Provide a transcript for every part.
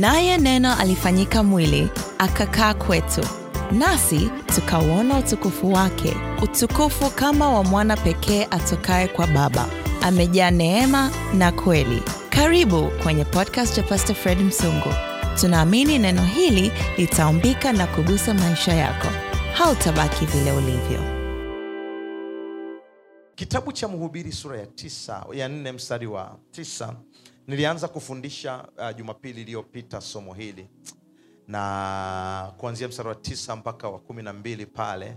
naye neno alifanyika mwili akakaa kwetu, nasi tukauona utukufu wake, utukufu kama wa mwana pekee atokaye kwa Baba, amejaa neema na kweli. Karibu kwenye podcast cha Pastor Fred Msungu. Tunaamini neno hili litaumbika na kugusa maisha yako, hautabaki vile ulivyo. Kitabu cha Mhubiri sura ya 9 ya 4 mstari wa 9 Nilianza kufundisha uh, Jumapili iliyopita somo hili na kuanzia msara wa tisa mpaka wa kumi na mbili pale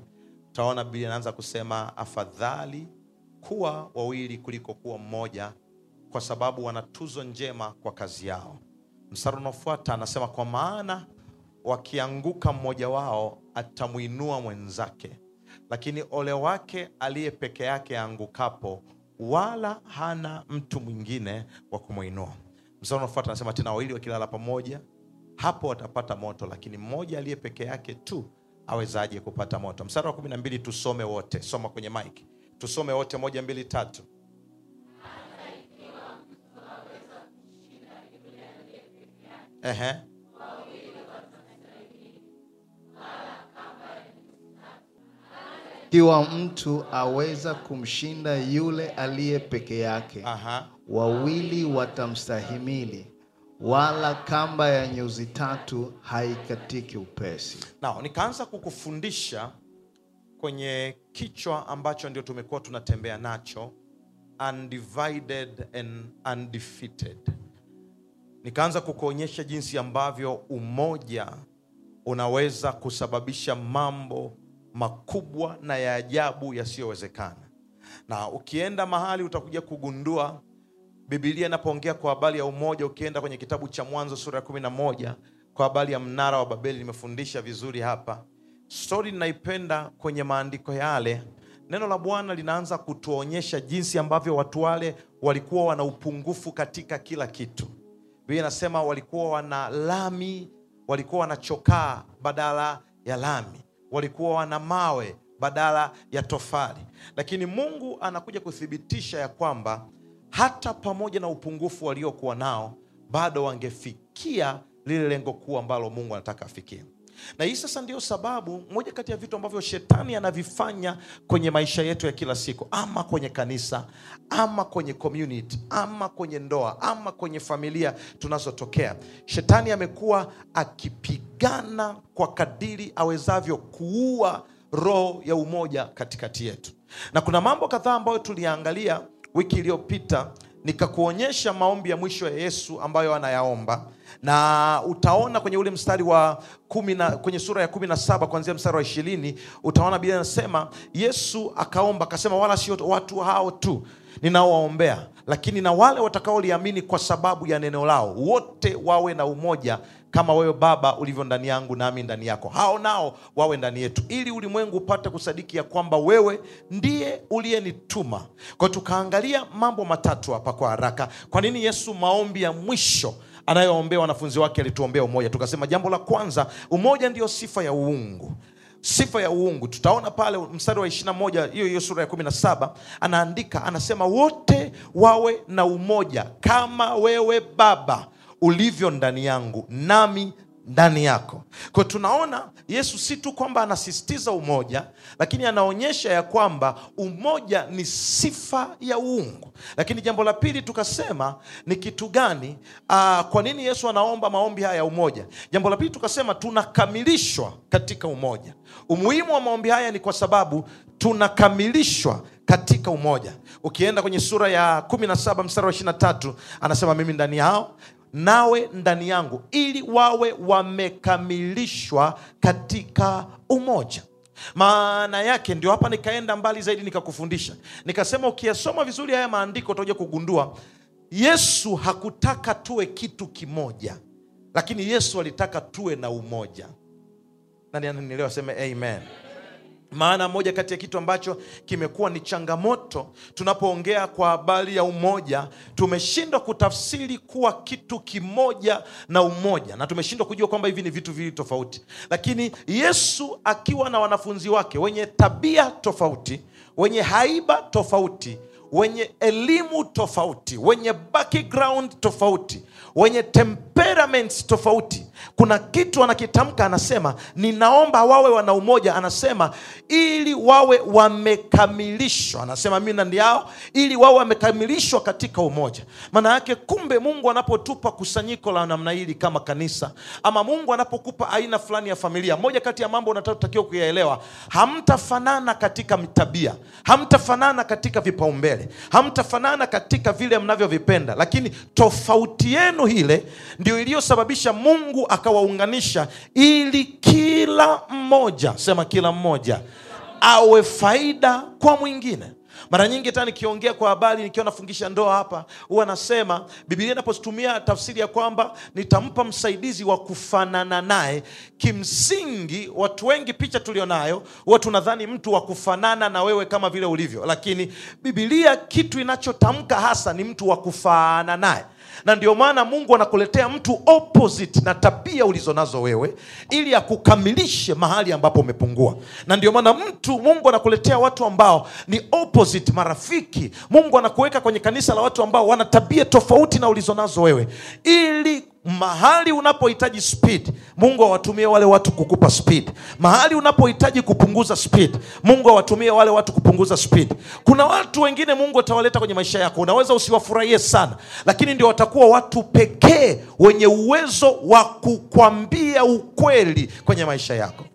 utaona Biblia inaanza kusema, afadhali kuwa wawili kuliko kuwa mmoja, kwa sababu wana tuzo njema kwa kazi yao. msara unaofuata anasema, kwa maana wakianguka mmoja wao atamwinua mwenzake, lakini ole wake aliye peke yake aangukapo wala hana mtu mwingine wa kumwinua. Mstari unaofuata anasema tena, wawili wakilala pamoja hapo watapata moto, lakini mmoja aliye peke yake tu awezaje kupata moto? msara wa kumi na mbili tusome wote, soma kwenye mik tusome wote, moja, mbili, tatu. Uh-huh. ikiwa mtu aweza kumshinda yule aliye peke yake, Aha. wawili watamstahimili, wala kamba ya nyuzi tatu haikatiki upesi. Nao nikaanza kukufundisha kwenye kichwa ambacho ndio tumekuwa tunatembea nacho, undivided and undefeated. Nikaanza kukuonyesha jinsi ambavyo umoja unaweza kusababisha mambo makubwa na ya ajabu yasiyowezekana. Na ukienda mahali utakuja kugundua bibilia inapoongea kwa habari ya umoja, ukienda kwenye kitabu cha Mwanzo sura ya kumi na moja kwa habari ya mnara wa Babeli, nimefundisha vizuri hapa. Stori ninaipenda kwenye maandiko yale, neno la Bwana linaanza kutuonyesha jinsi ambavyo watu wale walikuwa wana upungufu katika kila kitu. Biblia inasema walikuwa wana lami, walikuwa wanachokaa badala ya lami walikuwa wana mawe badala ya tofali, lakini Mungu anakuja kuthibitisha ya kwamba hata pamoja na upungufu waliokuwa nao bado wangefikia lile lengo kuu ambalo Mungu anataka afikie. Na hii sasa ndio sababu moja kati ya vitu ambavyo shetani anavifanya kwenye maisha yetu ya kila siku, ama kwenye kanisa, ama kwenye community, ama kwenye ndoa, ama kwenye familia tunazotokea. Shetani amekuwa akipigana kwa kadiri awezavyo kuua roho ya umoja katikati yetu, na kuna mambo kadhaa ambayo tuliangalia wiki iliyopita nikakuonyesha maombi ya mwisho ya Yesu ambayo anayaomba na utaona kwenye ule mstari wa kumi na, kwenye sura ya kumi na saba kuanzia mstari wa ishirini utaona Biblia inasema Yesu akaomba akasema, wala sio watu hao tu ninaowaombea, lakini na wale watakaoliamini kwa sababu ya neno lao, wote wawe na umoja kama wewe Baba ulivyo ndani yangu nami ndani yako, hao nao wawe ndani yetu, ili ulimwengu upate kusadiki ya kwamba wewe ndiye uliyenituma. Kwa tukaangalia mambo matatu hapa kwa haraka. Kwa nini Yesu maombi ya mwisho anayoombea wanafunzi wake alituombea umoja? Tukasema jambo la kwanza, umoja ndiyo sifa ya uungu sifa ya uungu. Tutaona pale mstari wa 21 moja hiyo hiyo sura ya 17 na saba anaandika anasema, wote wawe na umoja kama wewe Baba ulivyo ndani yangu nami ndani yako. kwao tunaona Yesu si tu kwamba anasisitiza umoja, lakini anaonyesha ya kwamba umoja ni sifa ya uungu. Lakini jambo la pili tukasema ni kitu gani? Aa, ah, kwa nini Yesu anaomba maombi haya ya umoja? Jambo la pili tukasema tunakamilishwa katika umoja. Umuhimu wa maombi haya ni kwa sababu tunakamilishwa katika umoja. Ukienda kwenye sura ya 17 mstari wa 23 anasema mimi ndani yao nawe ndani yangu, ili wawe wamekamilishwa katika umoja. Maana yake ndio hapa nikaenda mbali zaidi, nikakufundisha nikasema, ukiyasoma vizuri haya maandiko utakuja kugundua Yesu hakutaka tuwe kitu kimoja, lakini Yesu alitaka tuwe na umoja. Nani ananielewa? Seme amen. Maana moja kati ya kitu ambacho kimekuwa ni changamoto tunapoongea kwa habari ya umoja, tumeshindwa kutafsiri kuwa kitu kimoja na umoja, na tumeshindwa kujua kwamba hivi ni vitu viwili tofauti. Lakini Yesu akiwa na wanafunzi wake wenye tabia tofauti, wenye haiba tofauti, wenye elimu tofauti, wenye background tofauti, wenye temperaments tofauti kuna kitu anakitamka, anasema ninaomba wawe wana umoja, anasema ili wawe wamekamilishwa, anasema mi na yao, ili wawe wamekamilishwa katika umoja. Maana yake kumbe, Mungu anapotupa kusanyiko la namna hili kama kanisa, ama Mungu anapokupa aina fulani ya familia, moja kati ya mambo unatakiwa kuyaelewa, hamtafanana katika tabia, hamtafanana katika vipaumbele, hamtafanana katika vile mnavyovipenda, lakini tofauti yenu ile ndio iliyosababisha Mungu akawaunganisha ili kila mmoja, sema kila mmoja awe faida kwa mwingine. Mara nyingi hata nikiongea kwa habari, nikiwa nafungisha ndoa hapa, huwa nasema bibilia inapotumia tafsiri ya kwamba nitampa msaidizi wa kufanana naye, kimsingi watu wengi picha tulionayo huwa tunadhani mtu wa kufanana na wewe kama vile ulivyo, lakini bibilia kitu inachotamka hasa ni mtu wa kufaana naye na ndio maana Mungu anakuletea mtu opposite na tabia ulizonazo wewe, ili akukamilishe mahali ambapo umepungua. Na ndio maana mtu Mungu anakuletea watu ambao ni opposite, marafiki. Mungu anakuweka kwenye kanisa la watu ambao wana tabia tofauti na ulizonazo wewe, ili Mahali unapohitaji speed, Mungu awatumie wale watu kukupa speed. Mahali unapohitaji kupunguza speed, Mungu awatumie wale watu kupunguza speed. Kuna watu wengine Mungu atawaleta kwenye maisha yako, unaweza usiwafurahie sana, lakini ndio watakuwa watu pekee wenye uwezo wa kukwambia ukweli kwenye maisha yako.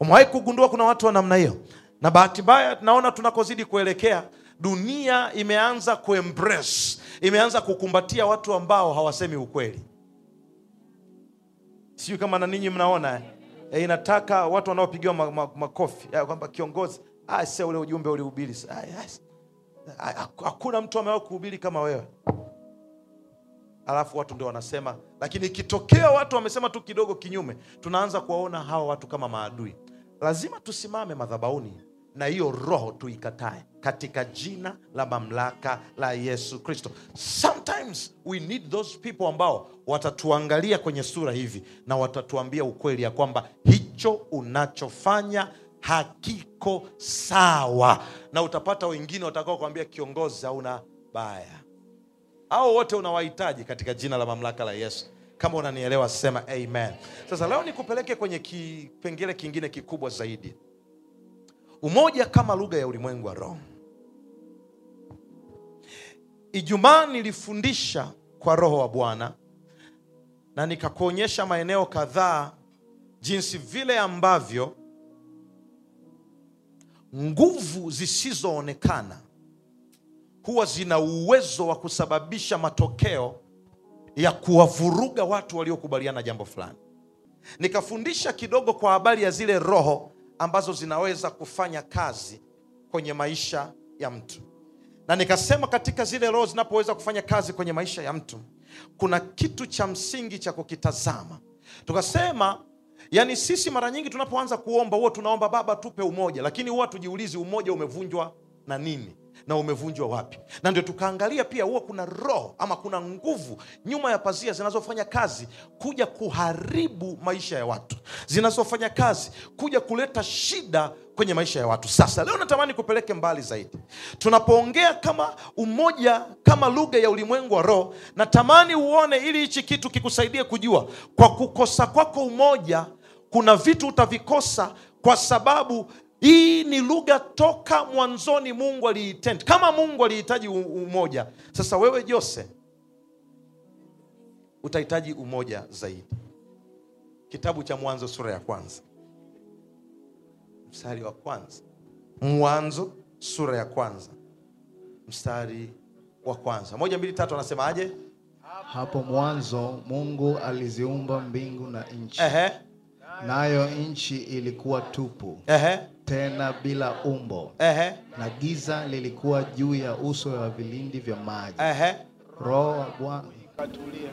Umewahi kugundua kuna watu wa namna hiyo? Na bahati mbaya naona tunakozidi kuelekea dunia imeanza kuembrace, imeanza kukumbatia watu ambao hawasemi ukweli. Sijui kama na ninyi mnaona Eh, inataka watu wanaopigiwa makofi ma, ma eh, kwamba kiongozi ah, sa ule ujumbe ulihubiri, ah, ah, hakuna mtu amewa kuhubiri kama wewe. Alafu watu ndio wanasema, lakini ikitokea watu wamesema tu kidogo kinyume, tunaanza kuwaona hawa watu kama maadui. Lazima tusimame madhabauni na hiyo roho tuikatae katika jina la mamlaka la Yesu Kristo. Sometimes we need those people ambao watatuangalia kwenye sura hivi na watatuambia ukweli ya kwamba hicho unachofanya hakiko sawa, na utapata wengine watakao kuambia kiongozi, hauna baya. au wote unawahitaji katika jina la mamlaka la Yesu. Kama unanielewa sema amen. Sasa leo nikupeleke kwenye kipengele kingine kikubwa zaidi umoja kama lugha ya ulimwengu wa roho. Ijumaa nilifundisha kwa Roho wa Bwana na nikakuonyesha maeneo kadhaa jinsi vile ambavyo nguvu zisizoonekana huwa zina uwezo wa kusababisha matokeo ya kuwavuruga watu waliokubaliana jambo fulani. Nikafundisha kidogo kwa habari ya zile roho ambazo zinaweza kufanya kazi kwenye maisha ya mtu, na nikasema katika zile roho zinapoweza kufanya kazi kwenye maisha ya mtu kuna kitu cha msingi cha kukitazama. Tukasema yani, sisi mara nyingi tunapoanza kuomba huwa tunaomba Baba tupe umoja, lakini huwa tujiulizi umoja umevunjwa na nini? na umevunjwa wapi. Na ndio tukaangalia pia, huwa kuna roho ama kuna nguvu nyuma ya pazia zinazofanya kazi kuja kuharibu maisha ya watu, zinazofanya kazi kuja kuleta shida kwenye maisha ya watu. Sasa leo natamani kupeleke mbali zaidi. Tunapoongea kama umoja, kama lugha ya ulimwengu wa roho, natamani uone, ili hichi kitu kikusaidie kujua, kwa kukosa kwako umoja kuna vitu utavikosa kwa sababu hii ni lugha toka mwanzoni Mungu aliitendi. Kama Mungu alihitaji umoja, sasa wewe Jose utahitaji umoja zaidi. Kitabu cha Mwanzo sura ya kwanza mstari wa kwanza Mwanzo sura ya kwanza mstari wa kwanza moja mbili tatu, anasemaje? Hapo mwanzo Mungu aliziumba mbingu na nchi. Ehe. Nayo nchi ilikuwa tupu. Ehe tena bila umbo Ehe. na giza lilikuwa juu ya uso wa vilindi vya maji Ehe. roho wa Bwana Katulia.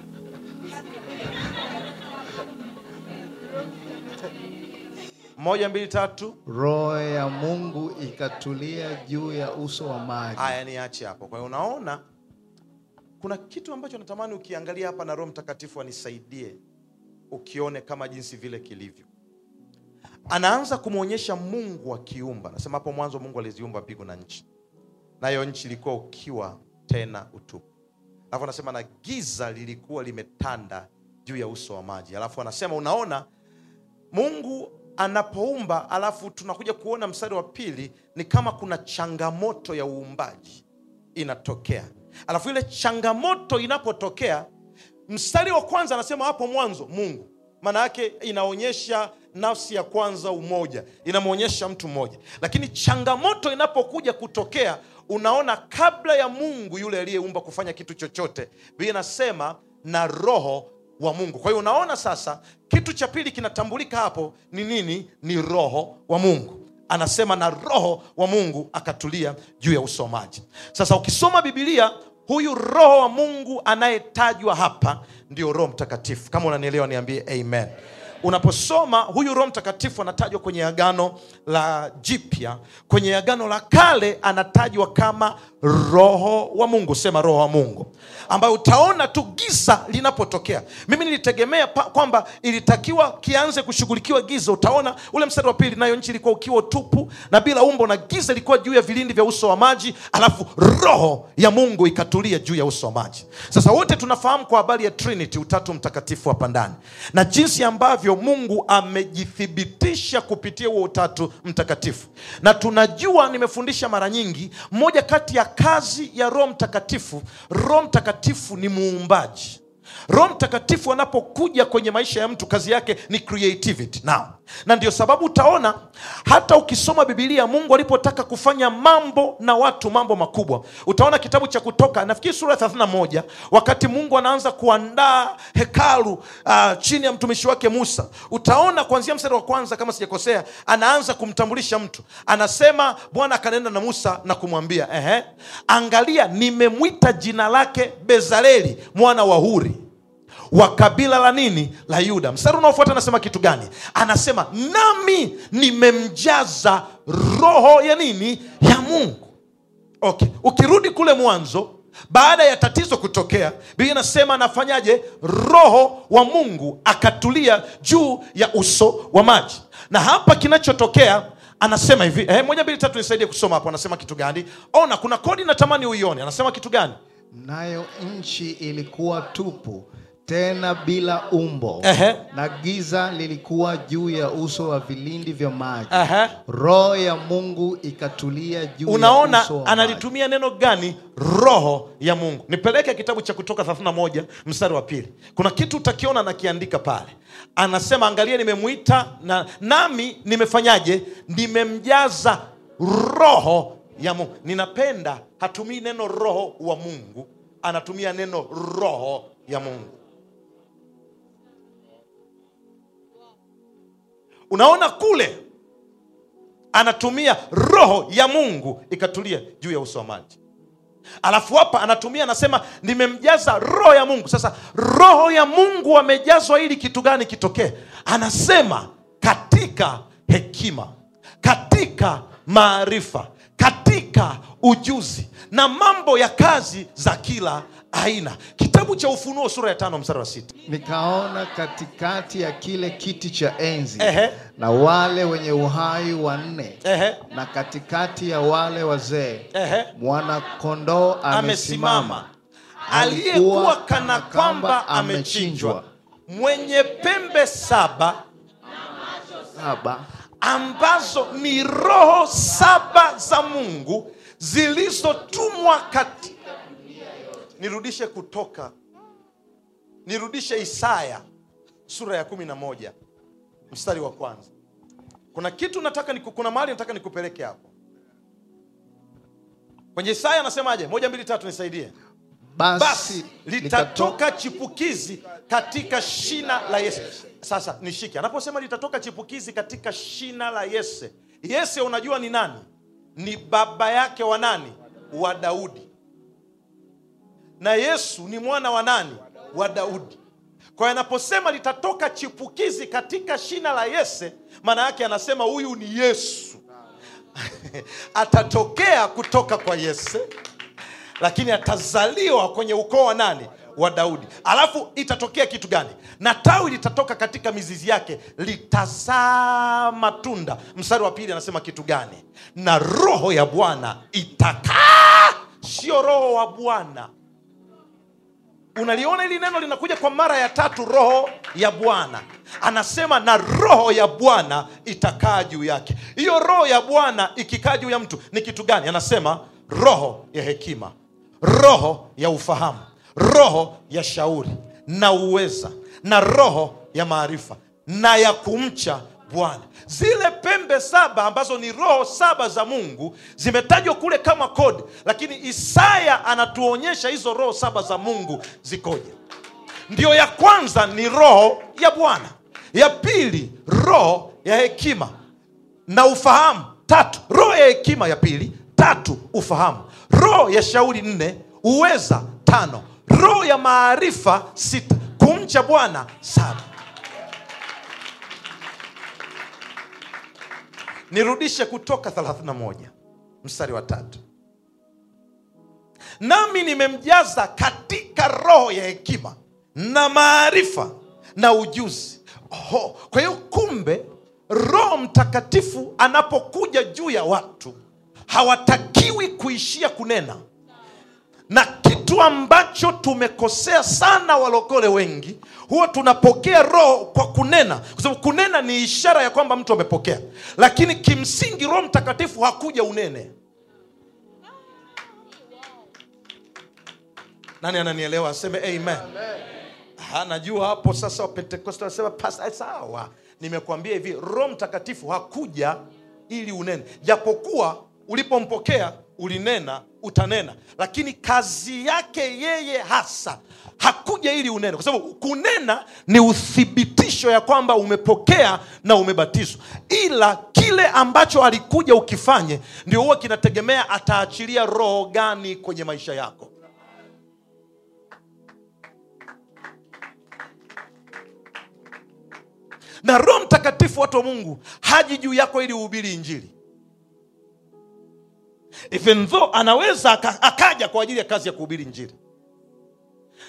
Moja, mbili, tatu. Roho ya Mungu ikatulia juu ya uso wa maji. Haya, ache hapo. Kwa hiyo unaona kuna kitu ambacho natamani ukiangalia hapa, na Roho Mtakatifu anisaidie ukione kama jinsi vile kilivyo anaanza kumwonyesha Mungu akiumba. Nasema hapo mwanzo Mungu aliziumba mbingu na nchi, nayo nchi ilikuwa ukiwa tena utupu, alafu anasema na giza lilikuwa limetanda juu ya uso wa maji. Alafu anasema unaona, Mungu anapoumba, alafu tunakuja kuona mstari wa pili, ni kama kuna changamoto ya uumbaji inatokea. Alafu ile changamoto inapotokea, mstari wa kwanza anasema hapo mwanzo Mungu, maana yake inaonyesha nafsi ya kwanza umoja, inamwonyesha mtu mmoja. Lakini changamoto inapokuja kutokea, unaona kabla ya Mungu yule aliyeumba kufanya kitu chochote, vinasema inasema na roho wa Mungu. Kwa hiyo unaona sasa, kitu cha pili kinatambulika hapo ni nini? Ni roho wa Mungu. Anasema na roho wa Mungu akatulia juu ya usomaji. Sasa ukisoma bibilia huyu roho wa Mungu anayetajwa hapa ndio Roho Mtakatifu. Kama unanielewa niambie amen unaposoma huyu roho mtakatifu anatajwa kwenye agano la jipya kwenye agano la kale anatajwa kama roho wa mungu sema roho wa mungu ambayo utaona tu giza linapotokea mimi nilitegemea kwamba ilitakiwa kianze kushughulikiwa giza utaona ule mstari wa pili nayo nchi ilikuwa ukiwa tupu na bila umbo na giza ilikuwa juu ya vilindi vya uso wa maji alafu roho ya mungu ikatulia juu ya uso wa maji sasa wote tunafahamu kwa habari ya trinity utatu mtakatifu hapa ndani na jinsi ambavyo ambavyo Mungu amejithibitisha kupitia huo Utatu Mtakatifu. Na tunajua, nimefundisha mara nyingi, moja kati ya kazi ya Roho Mtakatifu, Roho Mtakatifu ni muumbaji. Roho Mtakatifu anapokuja kwenye maisha ya mtu kazi yake ni creativity now, na ndio sababu utaona hata ukisoma Bibilia, Mungu alipotaka kufanya mambo na watu mambo makubwa, utaona kitabu cha Kutoka nafikiri sura ya 31 wakati Mungu anaanza kuandaa hekalu uh, chini ya mtumishi wake Musa, utaona kuanzia mstari wa kwanza kama sijakosea, anaanza kumtambulisha mtu, anasema Bwana akanenda na Musa na kumwambia ehe, angalia nimemwita jina lake Bezaleli mwana wa Huri wa kabila la nini la yuda mstari unaofuata anasema kitu gani anasema nami nimemjaza roho ya nini ya mungu okay ukirudi kule mwanzo baada ya tatizo kutokea biblia inasema anafanyaje roho wa mungu akatulia juu ya uso wa maji na hapa kinachotokea anasema hivi eh, moja mbili tatu nisaidie kusoma hapo anasema kitu gani ona kuna kodi natamani uione anasema kitu gani nayo nchi ilikuwa tupu tena bila umbo uh -huh. na giza lilikuwa juu ya uso wa vilindi vya maji uh -huh. roho ya mungu ikatulia juu unaona ya uso wa analitumia maji. neno gani roho ya mungu nipeleke kitabu cha kutoka 31 mstari wa pili kuna kitu utakiona nakiandika pale anasema angalia nimemwita na nami nimefanyaje nimemjaza roho ya mungu ninapenda hatumii neno roho wa mungu anatumia neno roho ya mungu unaona kule anatumia roho ya mungu ikatulia juu ya uso wa maji alafu hapa anatumia anasema nimemjaza roho ya mungu sasa roho ya mungu amejazwa ili kitu gani kitokee anasema katika hekima katika maarifa katika ujuzi na mambo ya kazi za kila aina kitabu cha ufunuo sura ya tano mstari wa sita nikaona katikati ya kile kiti cha enzi Ehe. na wale wenye uhai wanne Ehe. na katikati ya wale wazee mwanakondoo amesimama aliyekuwa kana kwamba amechinjwa mwenye pembe saba saba ambazo ni roho saba za mungu zilizotumwa kati nirudishe kutoka nirudishe isaya sura ya kumi na moja mstari wa kwanza kuna kitu nataka ni, kuna mahali nataka nikupeleke hapo kwenye isaya anasemaje moja mbili tatu nisaidie basi, basi litatoka chipukizi katika shina la yese sasa nishike anaposema litatoka chipukizi katika shina la yese yese unajua ni nani ni baba yake wa nani wa daudi na Yesu ni mwana wa nani? Wa Daudi. Kwa anaposema litatoka chipukizi katika shina la Yese, maana yake anasema huyu ni Yesu atatokea kutoka kwa Yese, lakini atazaliwa kwenye ukoo wa nani? Wa Daudi. Alafu itatokea kitu gani? Na tawi litatoka katika mizizi yake litazaa matunda. Mstari wa pili anasema kitu gani? Na roho ya Bwana itakaa, sio roho wa bwana Unaliona hili neno linakuja kwa mara ya tatu, roho ya Bwana anasema na roho ya Bwana itakaa juu yake. Hiyo roho ya Bwana ikikaa juu ya mtu ni kitu gani? Anasema roho ya hekima, roho ya ufahamu, roho ya shauri na uweza, na roho ya maarifa na ya kumcha Bwana. Zile pembe saba ambazo ni roho saba za Mungu zimetajwa kule kama kodi, lakini Isaya anatuonyesha hizo roho saba za Mungu zikoje. ndio ya kwanza ni roho ya Bwana, ya pili roho ya hekima na ufahamu tatu, roho ya hekima ya pili tatu, ufahamu roho ya shauri nne, uweza tano, roho ya maarifa sita, kumcha Bwana saba. nirudishe kutoka 31 mstari wa tatu nami nimemjaza katika roho ya hekima na maarifa na ujuzi Oho. kwa hiyo kumbe roho mtakatifu anapokuja juu ya watu hawatakiwi kuishia kunena na kitu ambacho tumekosea sana walokole wengi, huwa tunapokea roho kwa kunena, kwa sababu kunena ni ishara ya kwamba mtu amepokea, lakini kimsingi Roho Mtakatifu hakuja unene. Nani ananielewa? Aseme amen, amen. Najua hapo sasa Wapentekoste wanasema sawa. Nimekuambia hivi, Roho Mtakatifu hakuja ili unene, japokuwa ulipompokea ulinena utanena, lakini kazi yake yeye hasa hakuja ili unene, kwa sababu kunena ni uthibitisho ya kwamba umepokea na umebatizwa, ila kile ambacho alikuja ukifanye ndio huwa kinategemea ataachilia roho gani kwenye maisha yako. Na Roho Mtakatifu, watu wa Mungu, haji juu yako ili uhubiri Injili even though anaweza akaja kwa ajili ya kazi ya kuhubiri njiri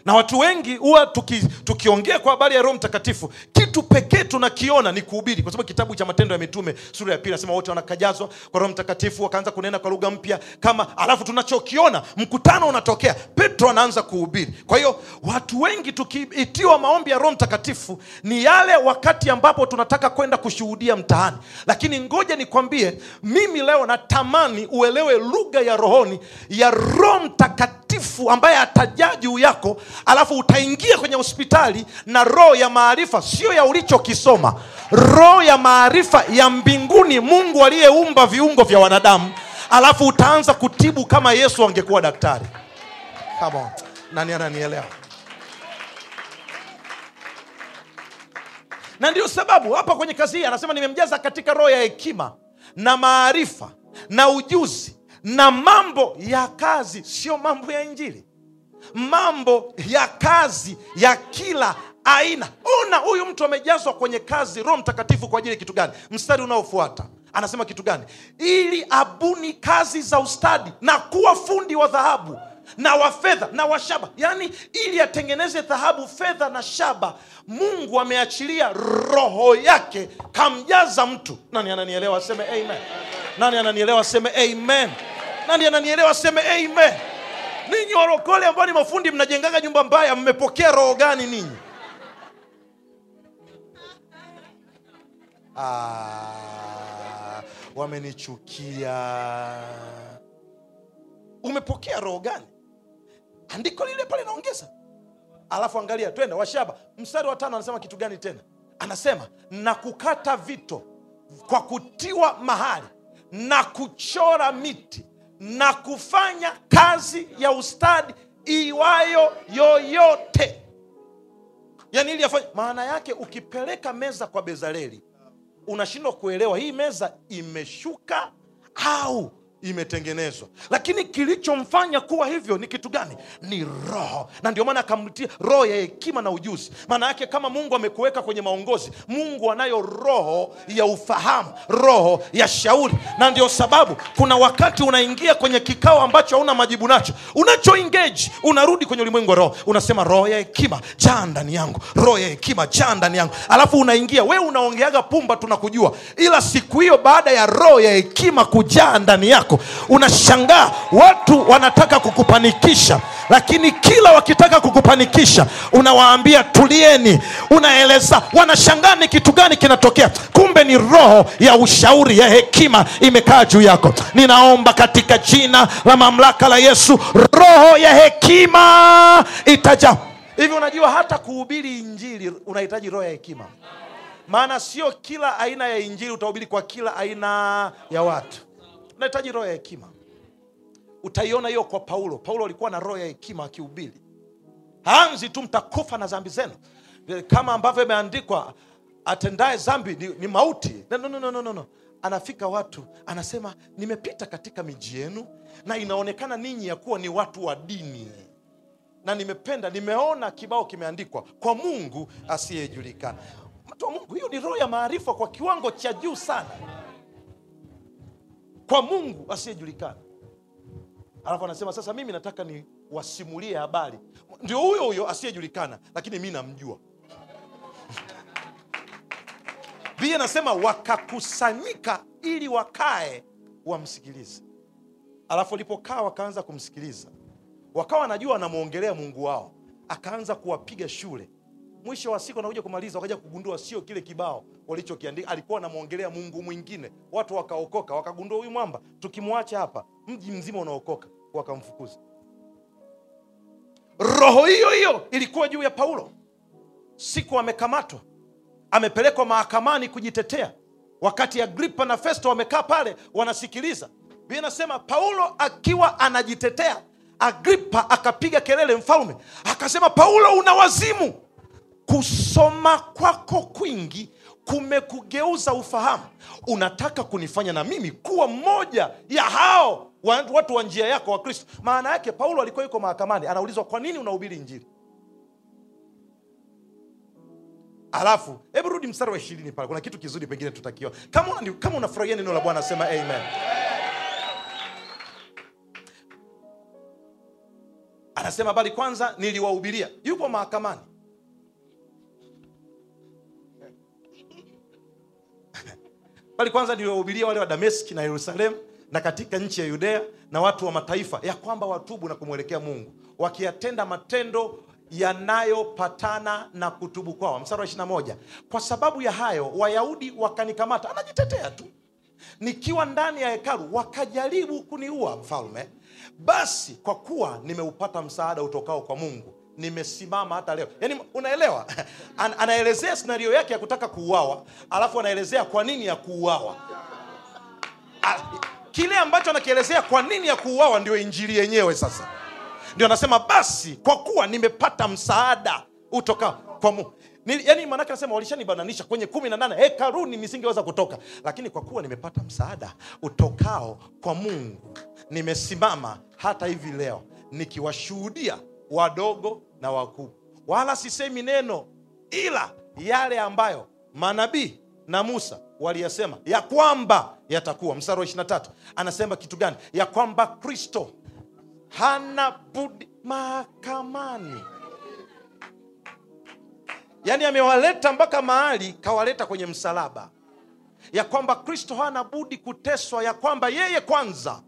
na watu wengi huwa tuki, tukiongea kwa habari ya roho mtakatifu kitu pekee tunakiona ni kuhubiri kwa sababu kitabu cha matendo ya mitume sura ya pili nasema wote wanakajazwa kwa roho mtakatifu wakaanza kunena kwa lugha mpya kama alafu tunachokiona mkutano unatokea petro anaanza kuhubiri kwa hiyo watu wengi tukiitiwa maombi ya roho mtakatifu ni yale wakati ambapo tunataka kwenda kushuhudia mtaani lakini ngoja nikwambie mimi leo natamani uelewe lugha ya rohoni ya roho mtakatifu ambaye atajaa juu yako alafu utaingia kwenye hospitali na roho ya maarifa sio ya ulichokisoma roho ya maarifa ya mbinguni mungu aliyeumba viungo vya wanadamu alafu utaanza kutibu kama yesu angekuwa daktari Come on. nani ananielewa na ndio sababu hapa kwenye kazi hii anasema nimemjaza katika roho ya hekima na maarifa na ujuzi na mambo ya kazi sio mambo ya injili mambo ya kazi ya kila aina. Ona huyu mtu amejazwa kwenye kazi Roho Mtakatifu kwa ajili ya kitu gani? Mstari unaofuata anasema kitu gani? Ili abuni kazi za ustadi na kuwa fundi wa dhahabu na wa fedha na wa shaba, yaani ili atengeneze dhahabu, fedha na shaba. Mungu ameachilia roho yake, kamjaza mtu. Nani ananielewa aseme amen? Nani ananielewa aseme amen? Nani ananielewa aseme amen? ninyi warokole ambao ni mafundi mnajengaga nyumba mbaya mmepokea roho gani ninyi ah, wamenichukia umepokea roho gani andiko lile pale naongeza alafu angalia twenda washaba mstari wa tano anasema kitu gani tena anasema na kukata vito kwa kutiwa mahali na kuchora miti na kufanya kazi ya ustadi iwayo yoyote. Yani ili yafanya, maana yake ukipeleka meza kwa Bezaleli unashindwa kuelewa hii meza imeshuka au imetengenezwa. Lakini kilichomfanya kuwa hivyo ni kitu gani? Ni Roho, na ndio maana akamtia roho ya hekima na ujuzi. Maana yake kama Mungu amekuweka kwenye maongozi, Mungu anayo roho ya ufahamu, roho ya shauri, na ndio sababu kuna wakati unaingia kwenye kikao ambacho hauna majibu nacho, unacho engage, unarudi kwenye ulimwengu wa roho, unasema roho ya hekima jaa ndani yangu, roho ya hekima jaa ndani yangu, alafu unaingia we, unaongeaga pumba, tunakujua, ila siku hiyo baada ya roho ya hekima kujaa ndani yako yako. Unashangaa watu wanataka kukupanikisha, lakini kila wakitaka kukupanikisha unawaambia tulieni, unaeleza. Wanashangaa ni kitu gani kinatokea, kumbe ni roho ya ushauri ya hekima imekaa juu yako. Ninaomba katika jina la mamlaka la Yesu, roho ya hekima itaja hivi. Unajua hata kuhubiri Injili unahitaji roho ya hekima maana sio kila aina ya injili utahubiri kwa kila aina ya watu tunahitaji roho ya hekima utaiona hiyo kwa paulo paulo alikuwa na roho ya hekima akihubiri hanzi tu mtakufa na zambi zenu kama ambavyo imeandikwa atendaye zambi ni, ni mauti no, no, no, no, no. anafika watu anasema nimepita katika miji yenu na inaonekana ninyi ya kuwa ni watu wa dini na nimependa nimeona kibao kimeandikwa kwa mungu asiyejulikana mtu wa mungu hiyo ni roho ya maarifa kwa kiwango cha juu sana kwa Mungu asiyejulikana. Alafu anasema sasa, mimi nataka ni wasimulie habari, ndio huyo huyo asiyejulikana, lakini mi namjua. Biblia anasema wakakusanyika ili wakae wamsikilize. Alafu walipokaa wakaanza kumsikiliza, wakawa wanajua anamwongelea Mungu wao, akaanza kuwapiga shule mwisho wa siku anakuja kumaliza, wakaja kugundua sio kile kibao walichokiandika, alikuwa anamwongelea Mungu mwingine. Watu wakaokoka, wakagundua huyu mwamba tukimwacha hapa, mji mzima unaokoka. Wakamfukuza. Roho hiyo hiyo ilikuwa juu ya Paulo. Siku amekamatwa, amepelekwa mahakamani kujitetea, wakati Agripa na Festo wamekaa pale wanasikiliza. Biblia anasema Paulo akiwa anajitetea, Agripa akapiga kelele, mfalme akasema, Paulo una wazimu Kusoma kwako kwingi kumekugeuza ufahamu. Unataka kunifanya na mimi kuwa mmoja ya hao watu wa njia yako wa Kristo. Maana yake Paulo alikuwa yuko mahakamani, anaulizwa kwa nini unahubiri njiri Alafu hebu rudi mstari wa ishirini pale, kuna kitu kizuri pengine tutakiwa. Kama, kama unafurahia neno la Bwana sema amen. Anasema bali kwanza niliwahubiria, yupo mahakamani bali kwanza niliwahubiria wale wa dameski na yerusalemu na katika nchi ya yudea na watu wa mataifa ya kwamba watubu na kumwelekea mungu wakiyatenda matendo yanayopatana na kutubu kwao msara wa ishirina moja kwa sababu ya hayo wayahudi wakanikamata anajitetea tu nikiwa ndani ya hekalu wakajaribu kuniua mfalme basi kwa kuwa nimeupata msaada utokao kwa mungu nimesimama hata leo yaani unaelewa An anaelezea scenario yake ya kutaka kuuawa alafu anaelezea kwa nini ya kuuawa kile ambacho anakielezea kwa nini ya kuuawa ndio injili yenyewe sasa ndio anasema basi kwa kuwa nimepata msaada utoka kwa mu yaani maanake anasema walishanibananisha kwenye kumi na nane hekaruni nisingeweza kutoka lakini kwa kuwa nimepata msaada utokao kwa mungu nimesimama hata hivi leo nikiwashuhudia wadogo na wakubwa. Wala sisemi neno ila yale ambayo manabii na Musa waliyasema ya kwamba yatakuwa. msara wa tatu anasema kitu gani? Ya kwamba Kristo hana budi mahakamani. Yaani amewaleta mpaka mahali kawaleta kwenye msalaba, ya kwamba Kristo hana budi kuteswa, ya kwamba yeye kwanza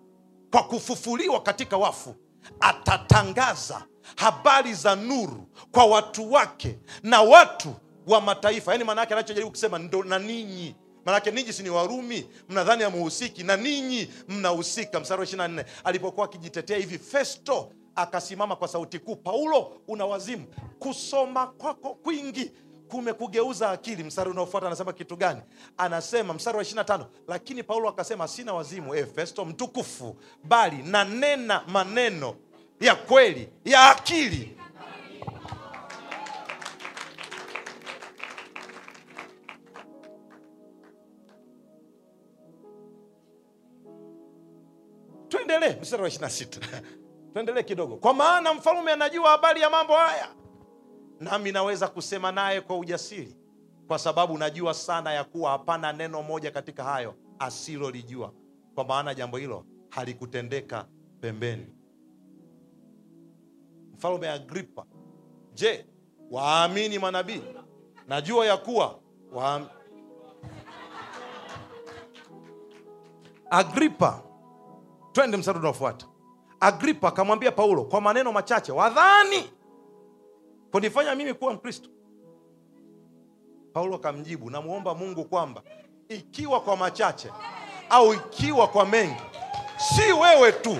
kwa kufufuliwa katika wafu atatangaza habari za nuru kwa watu wake na watu wa mataifa Yani maana yake anachojaribu kusema ndo na ninyi manake ninyi si ni warumi mnadhani amuhusiki na ninyi mnahusika msara wa 24 alipokuwa akijitetea hivi festo akasimama kwa sauti kuu paulo una wazimu kusoma kwako kwingi kumekugeuza akili mstari unaofuata anasema kitu gani anasema mstari wa 25 lakini paulo akasema sina wazimu efesto mtukufu bali nanena maneno ya kweli ya akili tuendelee mstari wa 26 tuendelee kidogo kwa maana mfalme anajua habari ya mambo haya nami naweza kusema naye kwa ujasiri kwa sababu najua sana ya kuwa hapana neno moja katika hayo asilolijua kwa maana jambo hilo halikutendeka pembeni Mfalme Agripa, je, waamini manabii? Najua ya kuwa waam... Agripa, twende mstari unaofuata. Agripa akamwambia Paulo, kwa maneno machache wadhani kunifanya mimi kuwa Mkristo? Paulo akamjibu, namwomba Mungu kwamba ikiwa kwa machache au ikiwa kwa mengi, si wewe tu,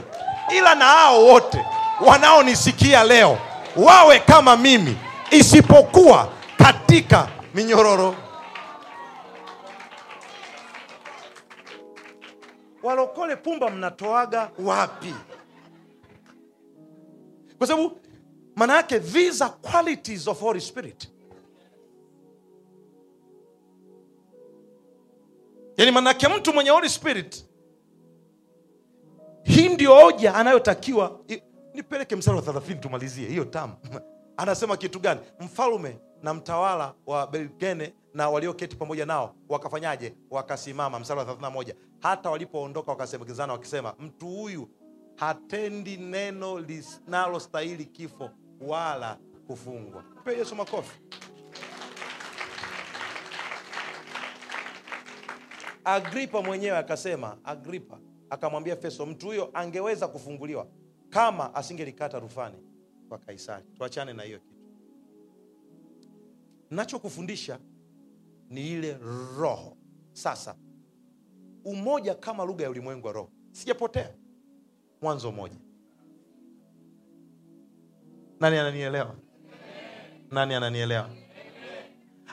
ila na hao wote wanaonisikia leo wawe kama mimi, isipokuwa katika minyororo walokole pumba mnatoaga wapi? Kwa sababu maana yake these are qualities of Holy Spirit. Yaani maana yake mtu mwenye Holy Spirit, hii ndio hoja anayotakiwa nipeleke msara wa thelathini tumalizie hiyo tamu anasema kitu gani mfalme na mtawala wa belgene na walioketi pamoja nao wakafanyaje wakasimama msara wa thelathini moja hata walipoondoka wakasemekezana wakisema mtu huyu hatendi neno linalostahili kifo wala kufungwa pe yesu makofi agripa mwenyewe akasema agripa akamwambia feso mtu huyo angeweza kufunguliwa kama asingelikata rufani kwa Kaisari. Tuachane na hiyo kitu. Nachokufundisha ni ile roho. Sasa umoja kama lugha ya ulimwengu wa roho, sijapotea. Mwanzo moja. Nani ananielewa? Nani ananielewa?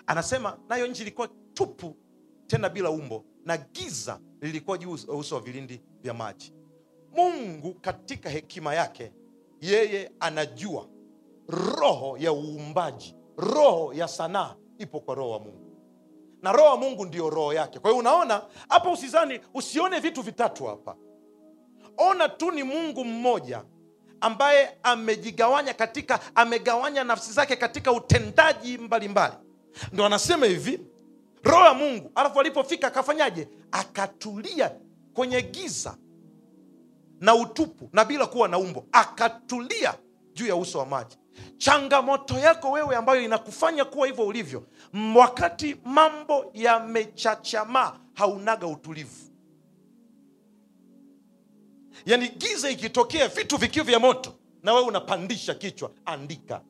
Anasema nayo nchi ilikuwa tupu tena bila umbo, na giza lilikuwa juu uso wa vilindi vya maji mungu katika hekima yake yeye anajua roho ya uumbaji roho ya sanaa ipo kwa roho wa mungu na roho wa mungu ndiyo roho yake kwa hiyo unaona hapa usizani usione vitu vitatu hapa ona tu ni mungu mmoja ambaye amejigawanya katika amegawanya nafsi zake katika utendaji mbalimbali ndo anasema hivi roho ya mungu alafu alipofika akafanyaje akatulia kwenye giza na utupu na bila kuwa na umbo, akatulia juu ya uso wa maji. Changamoto yako wewe ambayo inakufanya kuwa hivyo ulivyo, wakati mambo yamechachamaa, haunaga utulivu. yani giza ikitokea, vitu vikiwa vya moto, na wewe unapandisha kichwa, andika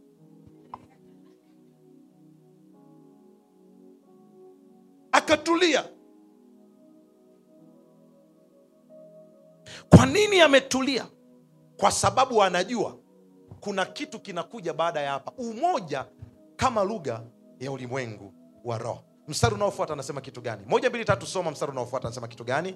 akatulia Kwa nini ametulia? Kwa sababu anajua kuna kitu kinakuja baada ya hapa, umoja kama lugha ya ulimwengu wa roho. Mstari unaofuata anasema kitu gani? Moja, mbili, tatu, soma. Mstari unaofuata anasema kitu gani?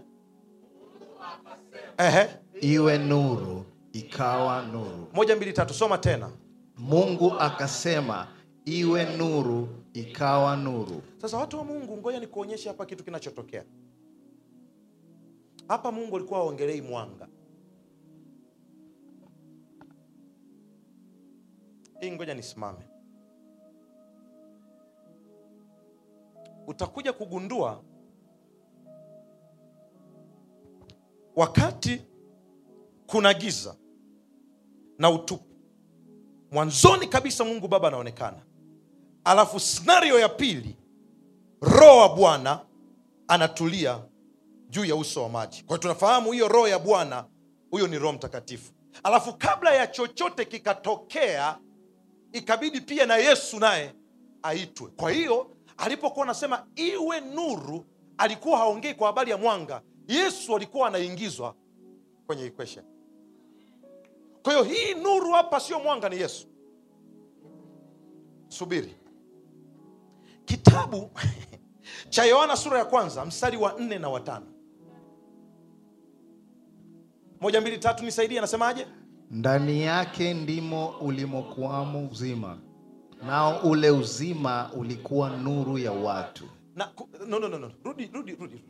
Ehe, iwe nuru, ikawa nuru. Moja, mbili, tatu, soma tena. Mungu akasema iwe nuru, ikawa nuru. Sasa watu wa Mungu, ngoja nikuonyeshe hapa kitu kinachotokea. Hapa Mungu alikuwa aongelei mwanga. Hii ngoja nisimame. Utakuja kugundua wakati kuna giza na utupu, mwanzoni kabisa Mungu Baba anaonekana, alafu scenario ya pili, Roho wa Bwana anatulia juu ya uso wa maji kwa hiyo tunafahamu hiyo roho ya bwana huyo ni roho mtakatifu alafu kabla ya chochote kikatokea ikabidi pia na yesu naye aitwe kwa hiyo alipokuwa anasema iwe nuru alikuwa haongei kwa habari ya mwanga yesu alikuwa anaingizwa kwenye equation kwa hiyo hii nuru hapa sio mwanga ni yesu subiri kitabu cha yohana sura ya kwanza mstari wa nne na watano moja mbili tatu, nisaidie, anasemaje? Ndani yake ndimo ulimokuwamo uzima, nao ule uzima ulikuwa nuru ya watu. Na, no, no, no, no. Rudi, rudi, rudi.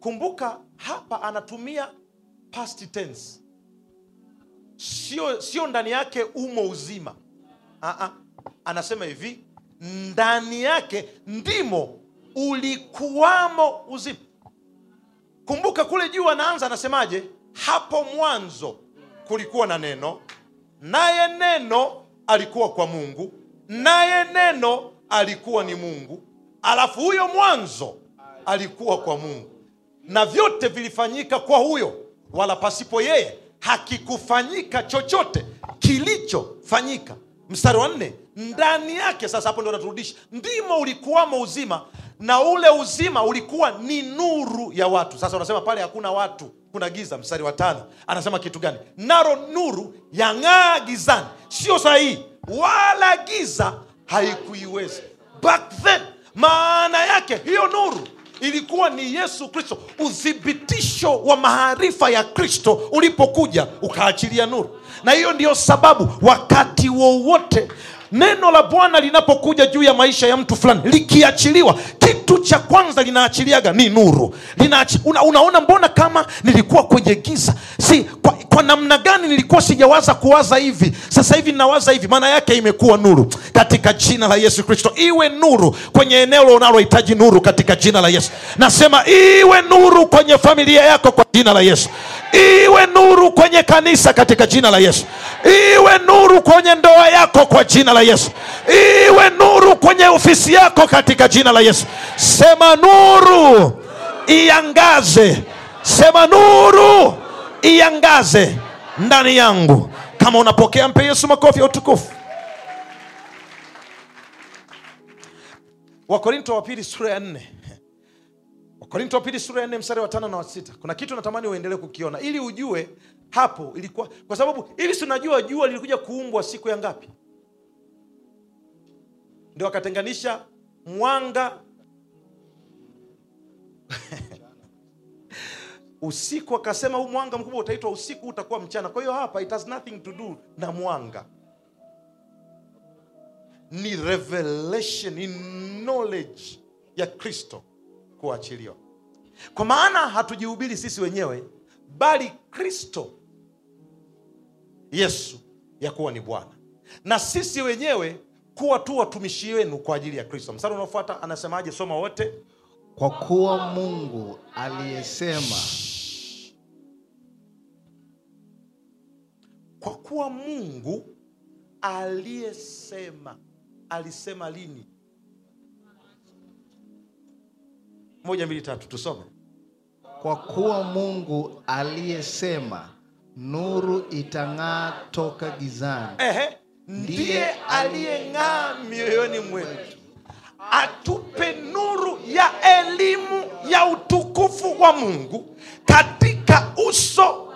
Kumbuka hapa anatumia past tense, sio sio ndani yake umo uzima. Aha. Ah. Anasema hivi ndani yake ndimo ulikuwamo uzima kumbuka kule juu anaanza anasemaje hapo mwanzo kulikuwa na neno naye neno alikuwa kwa mungu naye neno alikuwa ni mungu alafu huyo mwanzo alikuwa kwa mungu na vyote vilifanyika kwa huyo wala pasipo yeye hakikufanyika chochote kilichofanyika mstari wa nne ndani yake sasa hapo ndio naturudisha ndimo ulikuwamo uzima na ule uzima ulikuwa ni nuru ya watu. Sasa unasema pale hakuna watu, kuna giza. Mstari wa tano anasema kitu gani? Naro nuru yang'aa gizani, sio sahihi, wala giza haikuiwezi Back then, maana yake hiyo nuru ilikuwa ni Yesu Kristo. Uthibitisho wa maarifa ya Kristo ulipokuja ukaachilia nuru, na hiyo ndiyo sababu wakati wowote wa neno la bwana linapokuja juu ya maisha ya mtu fulani likiachiliwa kitu cha kwanza linaachiliaga ni nuru Linaachi, una, unaona mbona kama nilikuwa kwenye giza si kwa, kwa namna gani nilikuwa sijawaza kuwaza hivi sasa hivi ninawaza hivi maana yake imekuwa nuru katika jina la yesu kristo iwe nuru kwenye eneo unalohitaji nuru katika jina la yesu nasema iwe nuru kwenye familia yako kwa jina la yesu iwe nuru kwenye kanisa katika jina la yesu iwe nuru kwenye ndoa yako kwa jina la Yesu. Iwe nuru kwenye ofisi yako katika jina la Yesu. Sema nuru iangaze, sema nuru iangaze ndani yangu. Kama unapokea, mpe Yesu makofi ya utukufu. Wakorinto wa pili sura ya nne Wakorinto wa pili sura ya nne mstari wa tano na wa sita Kuna kitu natamani uendelee kukiona ili ujue hapo ilikuwa, kwa sababu ili si unajua jua lilikuja kuumbwa siku ya ngapi? ndio akatenganisha mwanga usiku akasema huu mwanga mkubwa utaitwa usiku, utakuwa mchana. Kwa hiyo hapa it has nothing to do na mwanga, ni revelation, ni knowledge ya Kristo kuachiliwa. Kwa maana hatujihubiri sisi wenyewe, bali Kristo Yesu ya kuwa ni Bwana, na sisi wenyewe kuwa tu watumishi wenu kwa ajili ya Kristo. Mstari unaofuata anasemaje? Soma wote. Kwa kuwa Mungu aliyesema, kwa kuwa Mungu aliyesema, alisema lini? Moja, mbili, tatu, tusome. Kwa kuwa Mungu aliyesema nuru itang'aa toka gizani. Ehe ndiye aliyeng'aa mioyoni mwetu atupe nuru ya elimu ya utukufu wa Mungu katika uso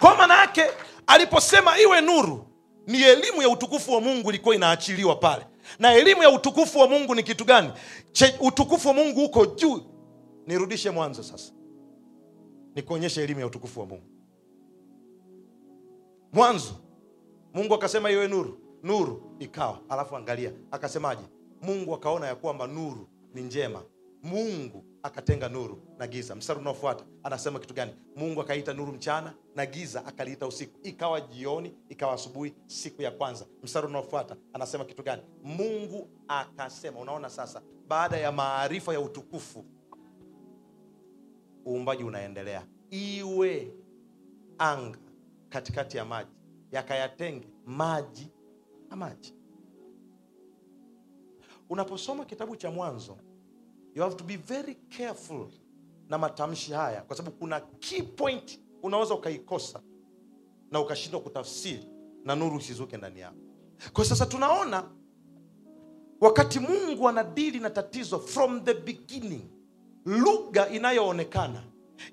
kwa maana yake aliposema iwe nuru ni elimu ya utukufu wa mungu ilikuwa inaachiliwa pale na elimu ya utukufu wa mungu ni kitu gani che utukufu wa mungu huko juu nirudishe mwanzo sasa ni kuonyesha elimu ya utukufu wa Mungu. Mwanzo Mungu akasema iwe nuru, nuru ikawa. Alafu angalia, akasemaje? Mungu akaona ya kwamba nuru ni njema, Mungu akatenga nuru na giza. Mstari unaofuata anasema kitu gani? Mungu akaita nuru mchana na giza akaliita usiku. Ikawa jioni, ikawa asubuhi, siku ya kwanza. Mstari unaofuata anasema kitu gani? Mungu akasema. Unaona sasa, baada ya maarifa ya utukufu uumbaji unaendelea, iwe anga katikati ya maji, yakayatenge maji na maji. Unaposoma kitabu cha Mwanzo, you have to be very careful na matamshi haya, kwa sababu kuna key point unaweza ukaikosa na ukashindwa kutafsiri na nuru isizuke ndani yako. Kwa sasa tunaona wakati Mungu anadili na tatizo from the beginning lugha inayoonekana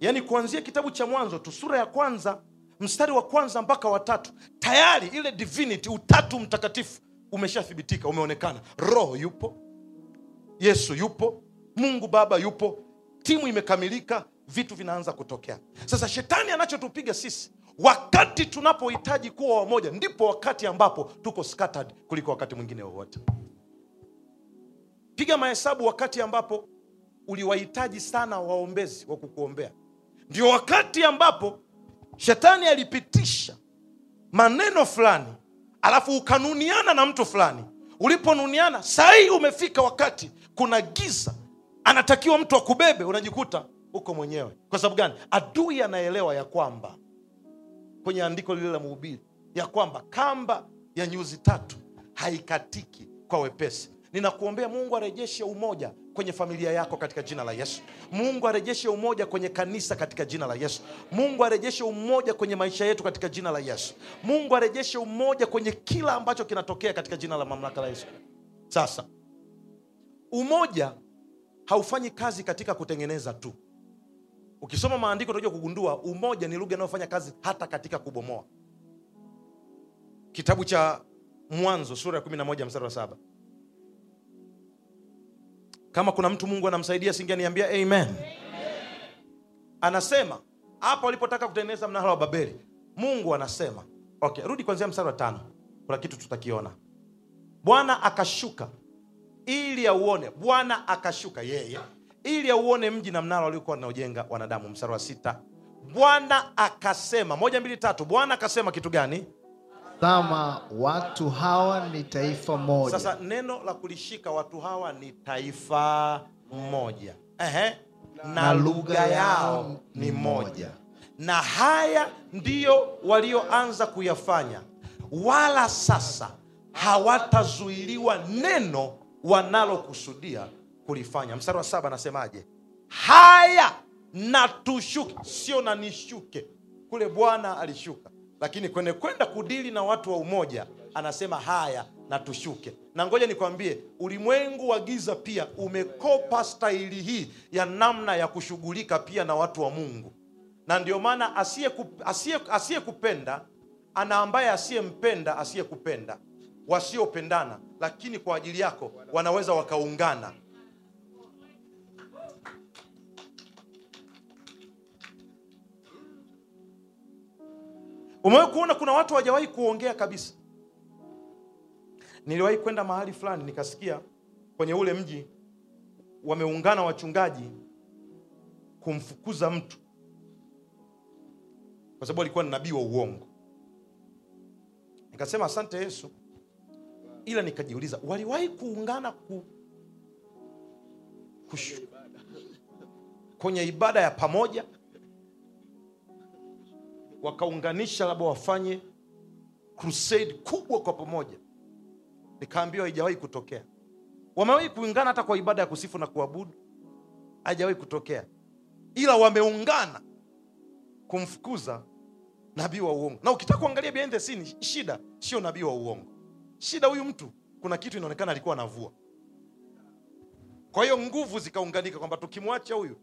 yaani kuanzia kitabu cha mwanzo tu sura ya kwanza mstari wa kwanza mpaka watatu tayari ile divinity utatu mtakatifu umeshathibitika umeonekana roho yupo yesu yupo mungu baba yupo timu imekamilika vitu vinaanza kutokea sasa shetani anachotupiga sisi wakati tunapohitaji kuwa wamoja ndipo wakati ambapo tuko scattered kuliko wakati mwingine wowote piga mahesabu wakati ambapo uliwahitaji sana waombezi wa kukuombea ndio wakati ambapo shetani alipitisha maneno fulani alafu ukanuniana na mtu fulani uliponuniana sahii umefika wakati kuna giza anatakiwa mtu akubebe unajikuta uko mwenyewe kwa sababu gani adui anaelewa ya kwamba kwenye andiko lile la mhubiri ya kwamba kamba ya nyuzi tatu haikatiki kwa wepesi Ninakuombea Mungu arejeshe umoja kwenye familia yako katika jina la Yesu. Mungu arejeshe umoja kwenye kanisa katika jina la Yesu. Mungu arejeshe umoja kwenye maisha yetu katika jina la Yesu. Mungu arejeshe umoja kwenye kila ambacho kinatokea katika jina la mamlaka la Yesu. Sasa umoja haufanyi kazi katika kutengeneza tu. Ukisoma maandiko utakuja kugundua umoja ni lugha inayofanya kazi hata katika kubomoa. Kitabu cha Mwanzo sura ya 11 mstari wa saba. Kama kuna mtu Mungu anamsaidia singeniambia amen. Amen. Anasema hapa walipotaka kutengeneza mnara wa Babeli, Mungu anasema okay, rudi kwanzia mstari wa tano, kuna kitu tutakiona. Bwana akashuka ili auone, Bwana akashuka yeye ili auone mji na mnara waliokuwa wanaojenga wanadamu. Mstari wa sita, Bwana akasema, moja mbili tatu, Bwana akasema kitu gani? Tazama, watu hawa ni taifa moja. Sasa neno la kulishika, watu hawa ni taifa moja. Ehe, na lugha yao ni moja, na haya ndiyo walioanza kuyafanya, wala sasa hawatazuiliwa neno wanalokusudia kulifanya. Mstari wa saba anasemaje? Haya na tushuke, sio na nishuke. Kule Bwana alishuka lakini kwenye kwenda kudili na watu wa umoja anasema haya na tushuke na ngoja nikwambie ulimwengu wa giza pia umekopa staili hii ya namna ya kushughulika pia na watu wa mungu na ndio maana asiyekupenda ana ambaye asiyempenda asiyekupenda wasiopendana lakini kwa ajili yako wanaweza wakaungana Umewahi kuona kuna watu hawajawahi kuongea kabisa? Niliwahi kwenda mahali fulani nikasikia kwenye ule mji wameungana wachungaji kumfukuza mtu kwa sababu alikuwa ni nabii wa uongo. Nikasema asante Yesu, ila nikajiuliza waliwahi kuungana ku, kushu, kwenye ibada ya pamoja wakaunganisha labda wafanye crusade kubwa kwa pamoja, nikaambiwa haijawahi kutokea. Wamewahi kuungana hata kwa ibada ya kusifu na kuabudu, haijawahi kutokea, ila wameungana kumfukuza nabii wa uongo. Na ukitaka kuangalia behind sini shida sio nabii wa uongo, shida huyu mtu, kuna kitu inaonekana alikuwa anavua. Kwa hiyo nguvu zikaunganika kwamba tukimwacha huyu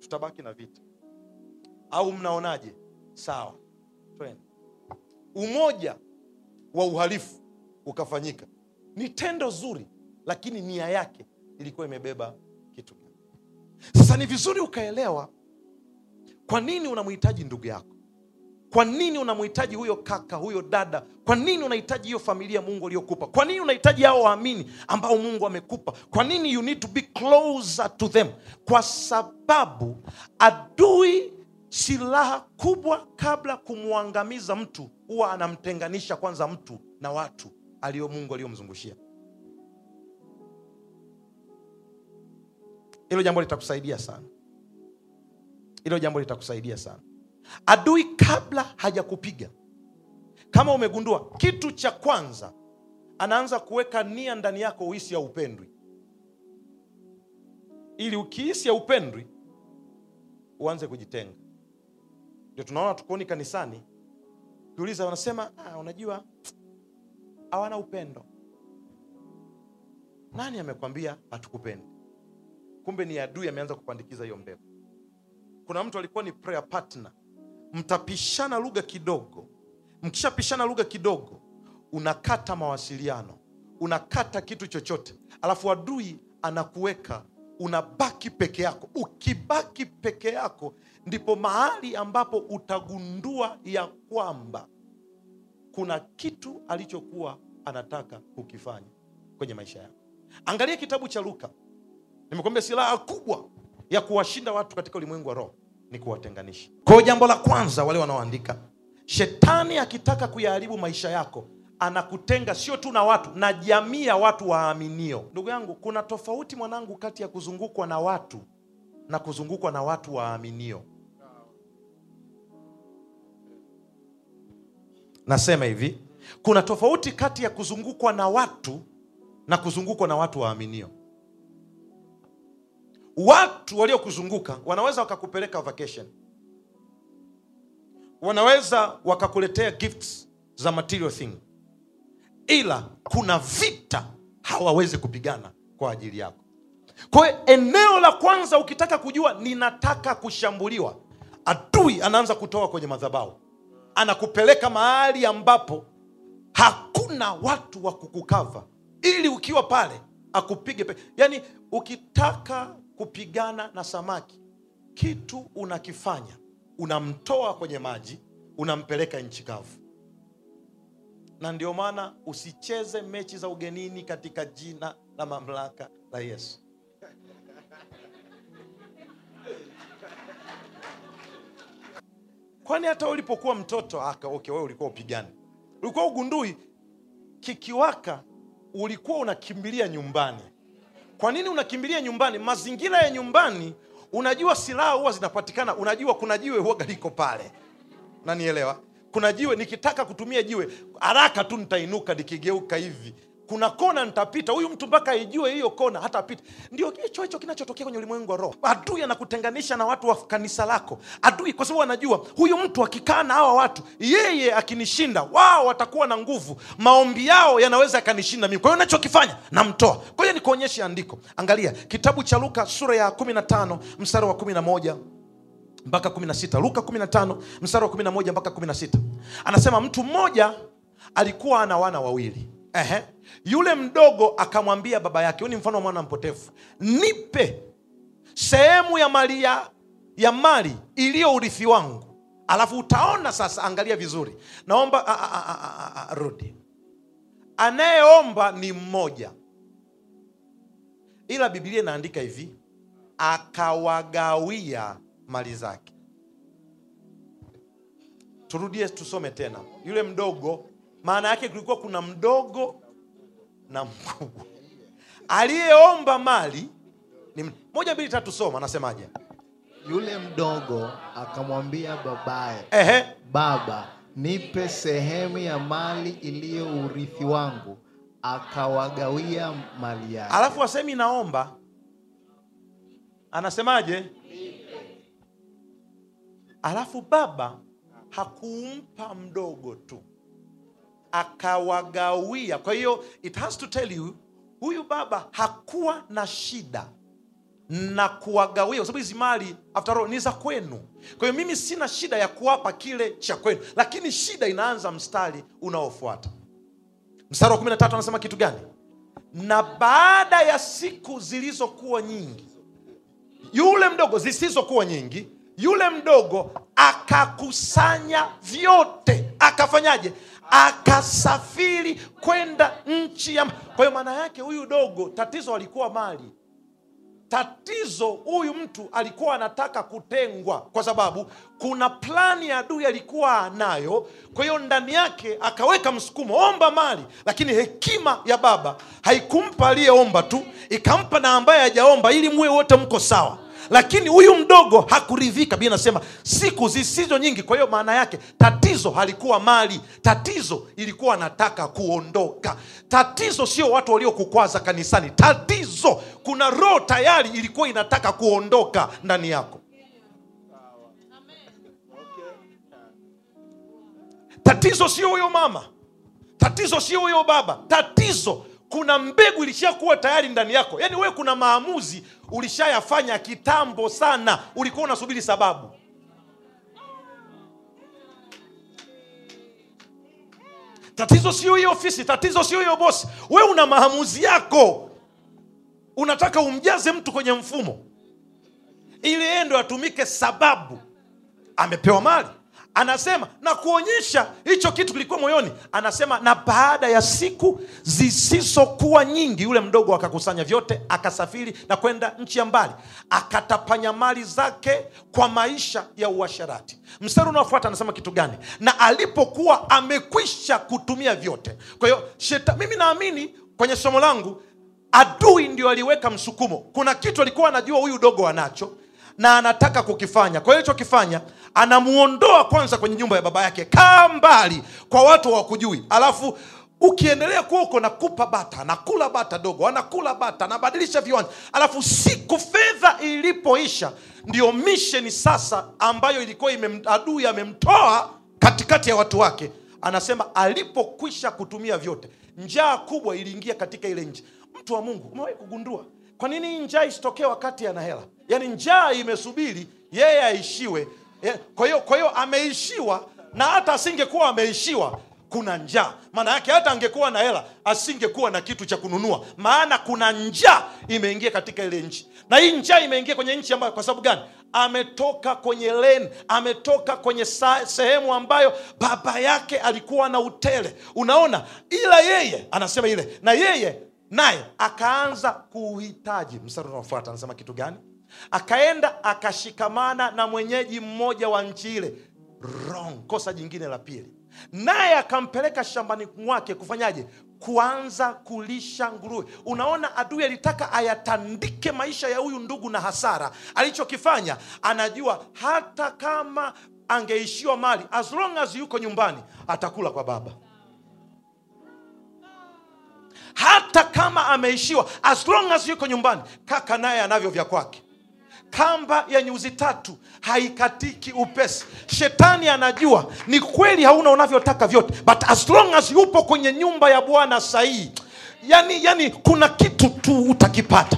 tutabaki na vita, au mnaonaje? sawa, twende. Umoja wa uhalifu ukafanyika. Ni tendo zuri, lakini nia yake ilikuwa imebeba kitu gani? Sasa ni vizuri ukaelewa kwa nini unamhitaji ndugu yako, kwa nini unamhitaji huyo kaka, huyo dada, kwa nini unahitaji hiyo familia Mungu aliyokupa, kwa nini unahitaji hao waamini ambao Mungu amekupa, kwa nini you need to be closer to them, kwa sababu adui Silaha kubwa kabla kumwangamiza mtu huwa anamtenganisha kwanza mtu na watu aliyo Mungu aliyomzungushia. Hilo jambo litakusaidia sana, hilo jambo litakusaidia sana. Adui kabla hajakupiga, kama umegundua, kitu cha kwanza anaanza kuweka nia ndani yako uhisi haupendwi, upendwi ili ukihisi upendwi uanze kujitenga ndio tunaona tukuoni kanisani, kiuliza wanasema ah, unajua hawana upendo. Nani amekwambia hatukupendi? Kumbe ni adui ameanza kupandikiza hiyo mbevu Kuna mtu alikuwa ni prayer partner, mtapishana lugha kidogo. Mkishapishana lugha kidogo, unakata mawasiliano, unakata kitu chochote, alafu adui anakuweka unabaki peke yako. Ukibaki peke yako, ndipo mahali ambapo utagundua ya kwamba kuna kitu alichokuwa anataka kukifanya kwenye maisha yako. Angalia kitabu cha Luka. nimekuambia silaha kubwa ya kuwashinda watu katika ulimwengu wa roho ni kuwatenganisha. Kwa hiyo jambo la kwanza, wale wanaoandika, shetani akitaka kuyaharibu maisha yako anakutenga sio tu na watu, na jamii ya watu waaminio. Ndugu yangu, kuna tofauti mwanangu, kati ya kuzungukwa na watu na kuzungukwa na watu waaminio. nasema hivi kuna tofauti kati ya kuzungukwa na watu na kuzungukwa na watu waaminio watu waliokuzunguka wanaweza wakakupeleka vacation wanaweza wakakuletea gifts za material thing ila kuna vita hawawezi kupigana kwa ajili yako kwayo eneo la kwanza ukitaka kujua ninataka kushambuliwa adui anaanza kutoa kwenye madhabau anakupeleka mahali ambapo hakuna watu wa kukukava ili ukiwa pale akupige pe. Yani, ukitaka kupigana na samaki, kitu unakifanya unamtoa kwenye maji, unampeleka nchi kavu. Na ndio maana usicheze mechi za ugenini katika jina la mamlaka la Yesu. kwani hata ulipokuwa mtoto aka, ah, okay, wewe ulikuwa upigani, ulikuwa ugundui kikiwaka, ulikuwa unakimbilia nyumbani. Kwa nini unakimbilia nyumbani? Mazingira ya nyumbani, unajua silaha huwa zinapatikana, unajua kuna jiwe huwaga liko pale, nanielewa kuna jiwe, nikitaka kutumia jiwe haraka tu nitainuka, nikigeuka hivi kuna kona nitapita. Huyu mtu mpaka aijue hiyo kona hata hatapita. Ndio hicho hicho kinachotokea kwenye ulimwengu wa roho. Adui anakutenganisha na watu wa kanisa lako, adui, kwa sababu anajua huyu mtu akikaa na hawa watu, yeye akinishinda, wao watakuwa na nguvu, maombi yao yanaweza yakanishinda mimi. Kwa hiyo nachokifanya namtoa. Kwa hiyo nikuonyeshe andiko, angalia kitabu cha Luka sura ya 15 mstari wa 11 mpaka 16. Luka 15 mstari wa 11 mpaka 16, anasema mtu mmoja alikuwa ana wana wawili Ehe. Yule mdogo akamwambia baba yake, huyu ni mfano wa mwana mpotevu, nipe sehemu ya mali ya, ya mali iliyo urithi wangu, alafu utaona sasa. Angalia vizuri, naomba a, a, a, a, rudi. Anayeomba ni mmoja, ila Biblia inaandika hivi, akawagawia mali zake. Turudie tusome tena, yule mdogo maana yake kulikuwa kuna mdogo na mkubwa. Aliyeomba mali ni moja, mbili, tatu, soma. Anasemaje? Yule mdogo akamwambia babaye, ehe, baba nipe sehemu ya mali iliyo urithi wangu, akawagawia mali yake. Alafu asemi naomba, anasemaje? Alafu baba hakumpa mdogo tu, akawagawia. Kwa hiyo it has to tell you, huyu baba hakuwa na shida na kuwagawia, kwa sababu hizi mali after all ni za kwenu. Kwa hiyo mimi sina shida ya kuwapa kile cha kwenu, lakini shida inaanza mstari unaofuata. Mstari wa 13 anasema kitu gani? Na baada ya siku zilizokuwa nyingi, yule mdogo, zisizokuwa nyingi, yule mdogo akakusanya vyote, akafanyaje? akasafiri kwenda nchi ya. Kwa hiyo maana yake huyu dogo, tatizo alikuwa mali tatizo huyu mtu alikuwa anataka kutengwa, kwa sababu kuna plani ya adui alikuwa anayo Kwa hiyo ndani yake akaweka msukumo, omba mali. Lakini hekima ya baba haikumpa aliyeomba tu, ikampa na ambaye hajaomba, ili muwe wote mko sawa lakini huyu mdogo hakuridhika bi nasema siku zisizo nyingi kwa hiyo maana yake tatizo halikuwa mali tatizo ilikuwa anataka kuondoka tatizo sio watu waliokukwaza kanisani tatizo kuna roho tayari ilikuwa inataka kuondoka ndani yako tatizo sio huyo mama tatizo sio huyo baba tatizo kuna mbegu ilishakuwa tayari ndani yako yaani wewe kuna maamuzi ulishayafanya kitambo sana ulikuwa unasubiri sababu tatizo sio hiyo ofisi tatizo sio hiyo bosi wewe una maamuzi yako unataka umjaze mtu kwenye mfumo ili yeye ndo atumike sababu amepewa mali anasema na kuonyesha hicho kitu kilikuwa moyoni anasema na baada ya siku zisizokuwa nyingi yule mdogo akakusanya vyote akasafiri na kwenda nchi ya mbali akatapanya mali zake kwa maisha ya uasharati mstari unaofuata anasema kitu gani na alipokuwa amekwisha kutumia vyote kwa hiyo mimi naamini kwenye somo langu adui ndio aliweka msukumo kuna kitu alikuwa anajua huyu udogo anacho na anataka kukifanya kwa hiyo alichokifanya anamuondoa kwanza kwenye nyumba ya baba yake kaa mbali kwa watu wakujui alafu ukiendelea kuwa uko nakupa bata nakula bata dogo anakula bata anabadilisha viwanja alafu siku fedha ilipoisha ndio misheni sasa ambayo ilikuwa ime, adui amemtoa katikati ya watu wake anasema alipokwisha kutumia vyote njaa kubwa iliingia katika ile nchi mtu wa mungu umewahi kugundua kwa nini njaa isitokee wakati ana hela yaani njaa imesubiri yeye aishiwe Eh, kwa hiyo kwa hiyo ameishiwa na hata asingekuwa ameishiwa kuna njaa maana yake hata angekuwa na hela asingekuwa na kitu cha kununua maana kuna njaa imeingia katika ile nchi na hii njaa imeingia kwenye nchi ambayo kwa sababu gani ametoka kwenye len ametoka kwenye sehemu ambayo baba yake alikuwa na utele unaona ila yeye anasema ile na yeye naye akaanza kuuhitaji mstari unaofuata anasema kitu gani akaenda akashikamana na mwenyeji mmoja wa nchi ile. rong kosa jingine la pili. Naye akampeleka shambani mwake kufanyaje? Kuanza kulisha nguruwe. Unaona, adui alitaka ayatandike maisha ya huyu ndugu na hasara. Alichokifanya, anajua hata kama angeishiwa mali, as long as yuko nyumbani atakula kwa baba hata kama ameishiwa as long as yuko nyumbani, kaka naye anavyo vya kwake. Kamba ya nyuzi tatu haikatiki upesi. Shetani anajua ni kweli hauna unavyotaka vyote, but as long as yupo kwenye nyumba ya Bwana sahihi, yani, yani kuna kitu tu utakipata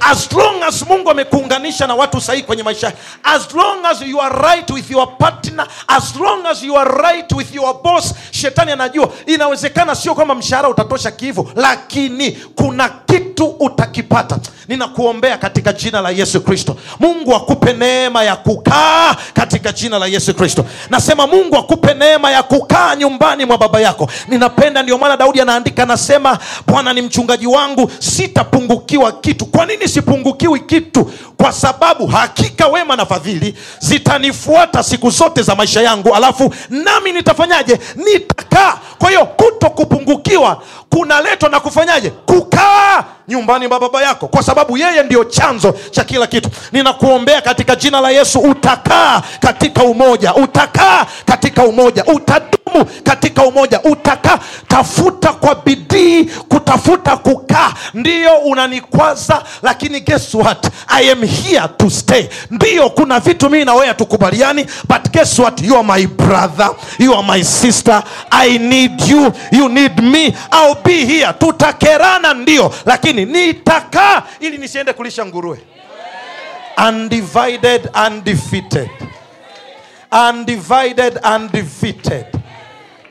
as long as mungu amekuunganisha na watu sahihi kwenye maisha as long as you are right with your partner as long as you are right with your boss shetani anajua inawezekana sio kwamba mshahara utatosha kivu lakini kuna kitu utakipata ninakuombea katika jina la yesu kristo mungu akupe neema ya kukaa katika jina la yesu kristo nasema mungu akupe neema ya kukaa nyumbani mwa baba yako ninapenda ndio maana daudi anaandika anasema bwana ni mchungaji wangu sitapungukiwa kitu kwa kwa nini sipungukiwi kitu kwa sababu hakika wema na fadhili zitanifuata siku zote za maisha yangu alafu nami nitafanyaje nitakaa kwa hiyo kuto kupungukiwa kunaletwa na kufanyaje kukaa nyumbani mwa baba yako kwa sababu yeye ndio chanzo cha kila kitu ninakuombea katika jina la yesu utakaa katika umoja utakaa katika umoja utadumu katika umoja utakaa tafuta kwa bidii kutafuta kukaa ndiyo unanikwaza lakini guess what i am here to stay ndiyo kuna vitu mii na wewe hatukubaliani but guess what you are my brother you are my sister i need you you need me I'll be here tutakerana ndio lakini nini nitakaa ili nisiende kulisha nguruwe undivided undefeated undivided undefeated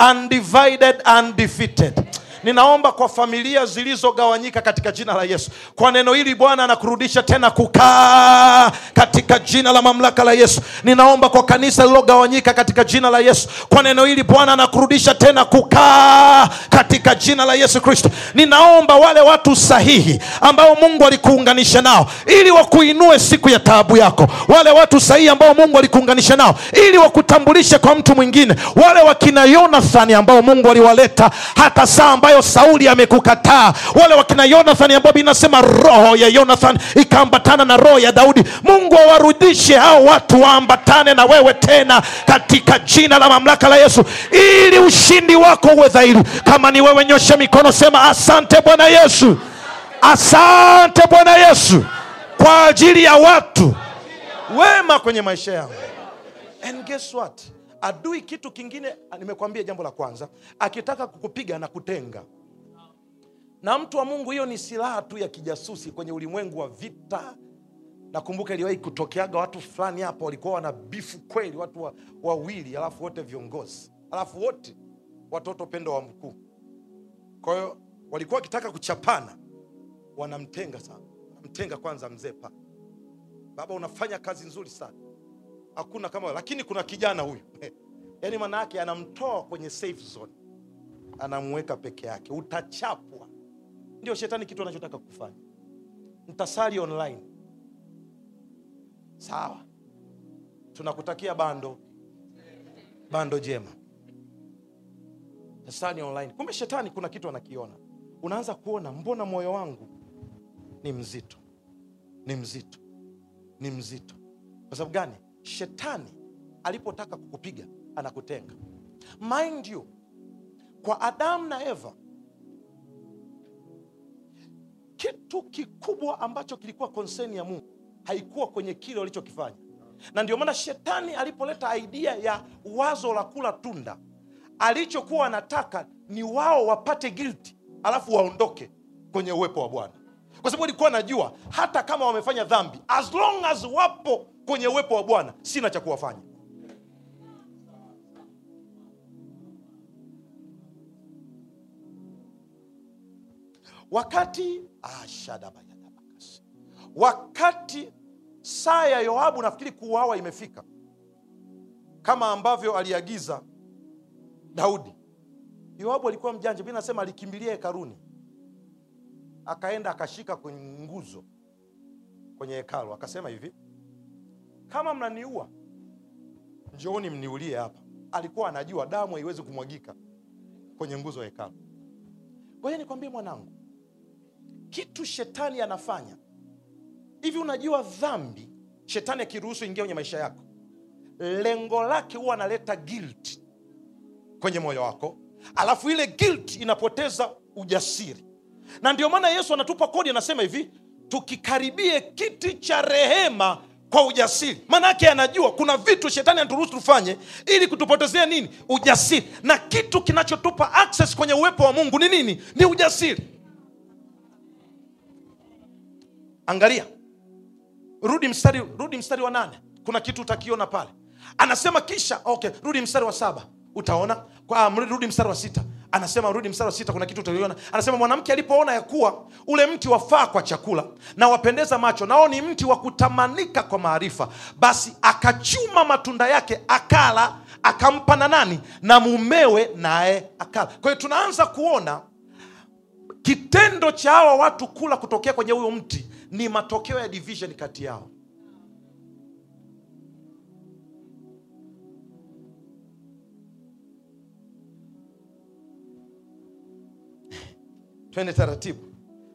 undivided undefeated ninaomba kwa familia zilizogawanyika katika jina la Yesu, kwa neno hili Bwana anakurudisha tena kukaa katika jina la mamlaka la Yesu. Ninaomba kwa kanisa lililogawanyika katika jina la Yesu, kwa neno hili Bwana anakurudisha tena kukaa katika jina la Yesu Kristo. Ninaomba wale watu sahihi ambao Mungu alikuunganisha nao ili wakuinue siku ya taabu yako, wale watu sahihi ambao Mungu alikuunganisha nao ili wakutambulishe kwa mtu mwingine, wale wakina Yonathani ambao Mungu aliwaleta hata saa ambayo ambayo Sauli amekukataa, wale wakina Yonathani ambao inasema roho ya Yonathani ikaambatana na roho ya Daudi. Mungu awarudishe hao watu waambatane na wewe tena katika jina la mamlaka la Yesu, ili ushindi wako uwe dhahiri. Kama ni wewe, nyosha mikono, sema asante Bwana Yesu, asante Bwana Yesu kwa ajili ya watu wema kwenye maisha yao. And guess what? Adui kitu kingine, ah, nimekwambia jambo la kwanza, akitaka kukupiga na kutenga na mtu wa Mungu, hiyo ni silaha tu ya kijasusi kwenye ulimwengu wa vita. Nakumbuka iliwahi kutokeaga watu fulani hapa walikuwa wana bifu kweli, watu wawili wa alafu wote viongozi, alafu wote watoto pendo wa mkuu. kwahiyo walikuwa wakitaka kuchapana, wanamtenga sana, wanamtenga kwanza mzee pa, baba, unafanya kazi nzuri sana hakuna kama, lakini kuna kijana huyu yaani maana yake anamtoa kwenye safe zone, anamweka peke yake, utachapwa. Ndio shetani kitu anachotaka kufanya. Mtasali online, sawa, tunakutakia bando bando jema, tasali online. Kumbe shetani kuna kitu anakiona, unaanza kuona, mbona moyo wangu ni mzito, ni mzito, ni mzito. Kwa sababu gani? shetani alipotaka kukupiga anakutenga. Mind you, kwa Adamu na Eva kitu kikubwa ambacho kilikuwa konseni ya Mungu haikuwa kwenye kile walichokifanya, na ndio maana shetani alipoleta aidia ya wazo la kula tunda, alichokuwa anataka ni wao wapate gilti alafu waondoke kwenye uwepo wa Bwana, kwa sababu alikuwa anajua hata kama wamefanya dhambi, as long as wapo kwenye uwepo wa Bwana sina cha kuwafanya. Wakati ah, wakati saa ya Yoabu nafikiri kuuawa imefika, kama ambavyo aliagiza Daudi. Yoabu alikuwa mjanja, mi nasema alikimbilia hekaruni, akaenda akashika kwenye nguzo kwenye hekalu, akasema hivi kama mnaniua njooni mniulie hapa. Alikuwa anajua damu haiwezi kumwagika kwenye nguzo ya hekalu. Ngoja nikwambie mwanangu, kitu shetani anafanya hivi. Unajua dhambi, shetani akiruhusu ingia kwenye maisha yako, lengo lake huwa analeta gilt kwenye moyo wako, alafu ile gilt inapoteza ujasiri. Na ndio maana Yesu anatupa kodi, anasema hivi, tukikaribie kiti cha rehema kwa ujasiri maanaake anajua kuna vitu shetani anaturuhusu tufanye ili kutupotezea nini ujasiri na kitu kinachotupa access kwenye uwepo wa mungu ni nini ni ujasiri angalia rudi mstari rudi mstari wa nane kuna kitu utakiona pale anasema kisha okay rudi mstari wa saba utaona kwa, rudi mstari wa sita anasema rudi mstari wa sita kuna kitu utaiona anasema mwanamke alipoona ya kuwa ule mti wafaa kwa chakula na wapendeza macho nao ni mti wa kutamanika kwa maarifa basi akachuma matunda yake akala akampa na nani na mumewe naye akala kwa hiyo tunaanza kuona kitendo cha hawa watu kula kutokea kwenye huyo mti ni matokeo ya division kati yao twende taratibu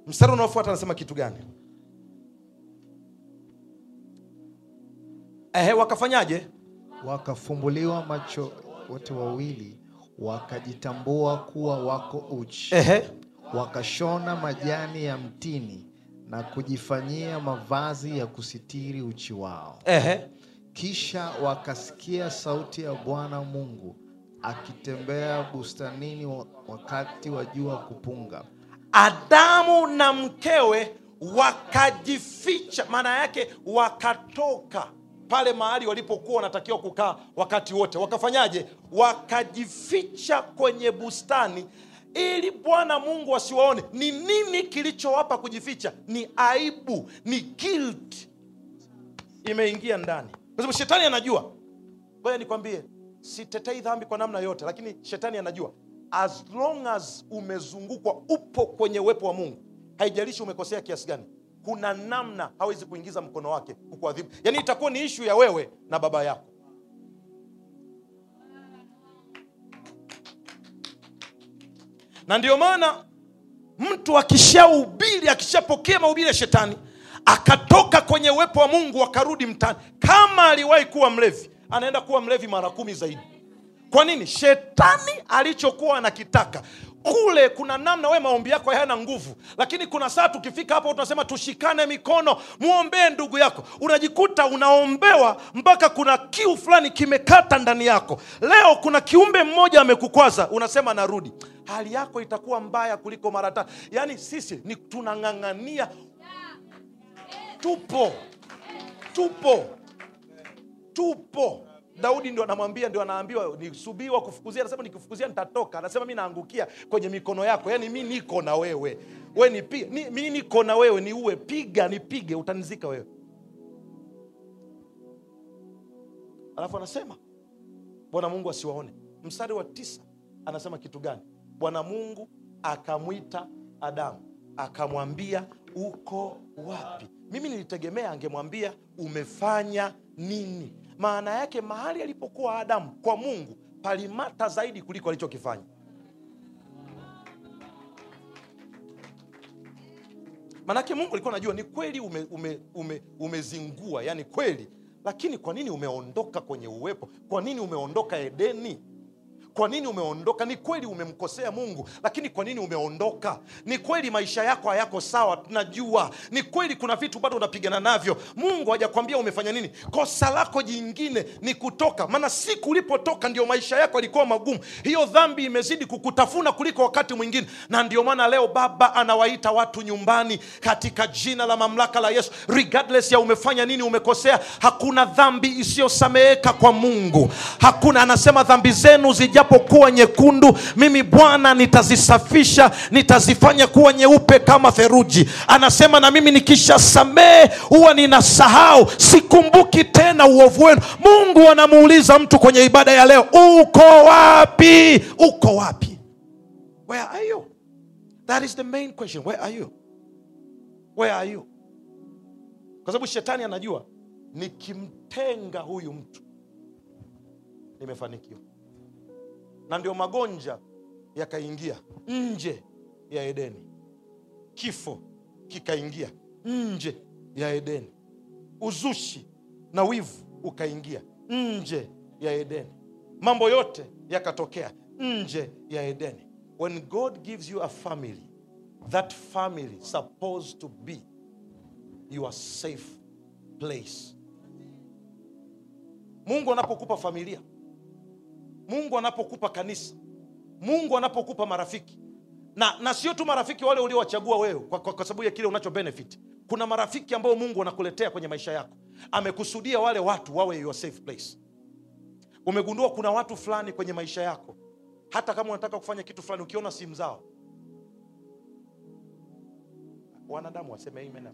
mstari unaofuata anasema kitu gani Ehe, wakafanyaje wakafumbuliwa macho wote wawili wakajitambua kuwa wako uchi Ehe. wakashona majani ya mtini na kujifanyia mavazi ya kusitiri uchi wao Ehe. kisha wakasikia sauti ya bwana mungu akitembea bustanini wakati wa jua kupunga Adamu na mkewe wakajificha, maana yake wakatoka pale mahali walipokuwa wanatakiwa kukaa wakati wote, wakafanyaje? Wakajificha kwenye bustani ili Bwana Mungu asiwaone Ni nini kilichowapa kujificha? Ni aibu, ni guilt imeingia ndani, kwa sababu shetani anajua. Ngoja nikwambie, sitetei dhambi kwa namna yote, lakini shetani anajua as long as umezungukwa, upo kwenye uwepo wa Mungu, haijalishi umekosea kiasi gani, kuna namna hawezi kuingiza mkono wake kukuadhibu. Yani itakuwa ni ishu ya wewe na baba yako. Na ndio maana mtu akishaubiri akishapokea mahubiri ya shetani, akatoka kwenye uwepo wa Mungu, akarudi mtani, kama aliwahi kuwa mlevi, anaenda kuwa mlevi mara kumi zaidi. Kwa nini? Shetani alichokuwa anakitaka kule kuna namna, we maombi yako hayana nguvu, lakini kuna saa tukifika hapo tunasema tushikane mikono, mwombee ndugu yako. Unajikuta unaombewa mpaka kuna kiu fulani kimekata ndani yako. Leo kuna kiumbe mmoja amekukwaza, unasema narudi, hali yako itakuwa mbaya kuliko mara tatu. Yaani sisi ni tunang'ang'ania, tupo tupo tupo Daudi ndio anamwambia, ndio anaambiwa nisubiwa kufukuzia, anasema nikifukuzia nitatoka, anasema mi naangukia kwenye mikono yako, yaani mi niko na wewe, we nipiga, ni, mi niko na wewe, ni uwe piga, nipige, utanizika wewe. Alafu anasema Bwana Mungu asiwaone. Mstari wa tisa anasema kitu gani? Bwana Mungu akamwita Adamu akamwambia, uko wapi? Mimi nilitegemea angemwambia umefanya nini maana yake mahali alipokuwa Adamu kwa Mungu palimata zaidi kuliko alichokifanya. Maanake Mungu alikuwa anajua ni kweli ume, ume, ume, umezingua, yani kweli, lakini kwa nini umeondoka kwenye uwepo? Kwa nini umeondoka Edeni? Kwa nini umeondoka? Ni kweli umemkosea Mungu, lakini kwa nini umeondoka? Ni kweli maisha yako hayako sawa, tunajua. Ni kweli kuna vitu bado unapigana navyo. Mungu hajakwambia umefanya nini. Kosa lako jingine ni kutoka, maana siku ulipotoka ndio maisha yako yalikuwa magumu. Hiyo dhambi imezidi kukutafuna kuliko wakati mwingine, na ndio maana leo Baba anawaita watu nyumbani katika jina la mamlaka la Yesu. Regardless ya umefanya nini, umekosea, hakuna dhambi isiyosameheka kwa Mungu. Hakuna, anasema dhambi zenu zija zitakapokuwa nyekundu, mimi Bwana nitazisafisha, nitazifanya kuwa nyeupe kama theruji. Anasema na mimi nikishasamehe huwa ninasahau, sikumbuki tena uovu wenu. Mungu anamuuliza mtu kwenye ibada ya leo, uko wapi? Uko wapi? Where are you? That is the main question. Where are you? Where are you? Kwa sababu shetani anajua nikimtenga huyu mtu nimefanikiwa na ndio magonjwa yakaingia nje ya Edeni, kifo kikaingia nje ya Edeni, uzushi na wivu ukaingia nje ya Edeni, mambo yote yakatokea nje ya Edeni. When God gives you a family, that family supposed to be your safe place. Mungu anapokupa familia Mungu anapokupa kanisa, Mungu anapokupa marafiki na, na sio tu marafiki wale uliowachagua wewe kwa, kwa, kwa sababu ya kile unacho benefit. Kuna marafiki ambao Mungu anakuletea kwenye maisha yako, amekusudia wale watu wawe your safe place. Umegundua kuna watu fulani kwenye maisha yako, hata kama unataka kufanya kitu fulani, ukiona simu zao, wanadamu waseme amen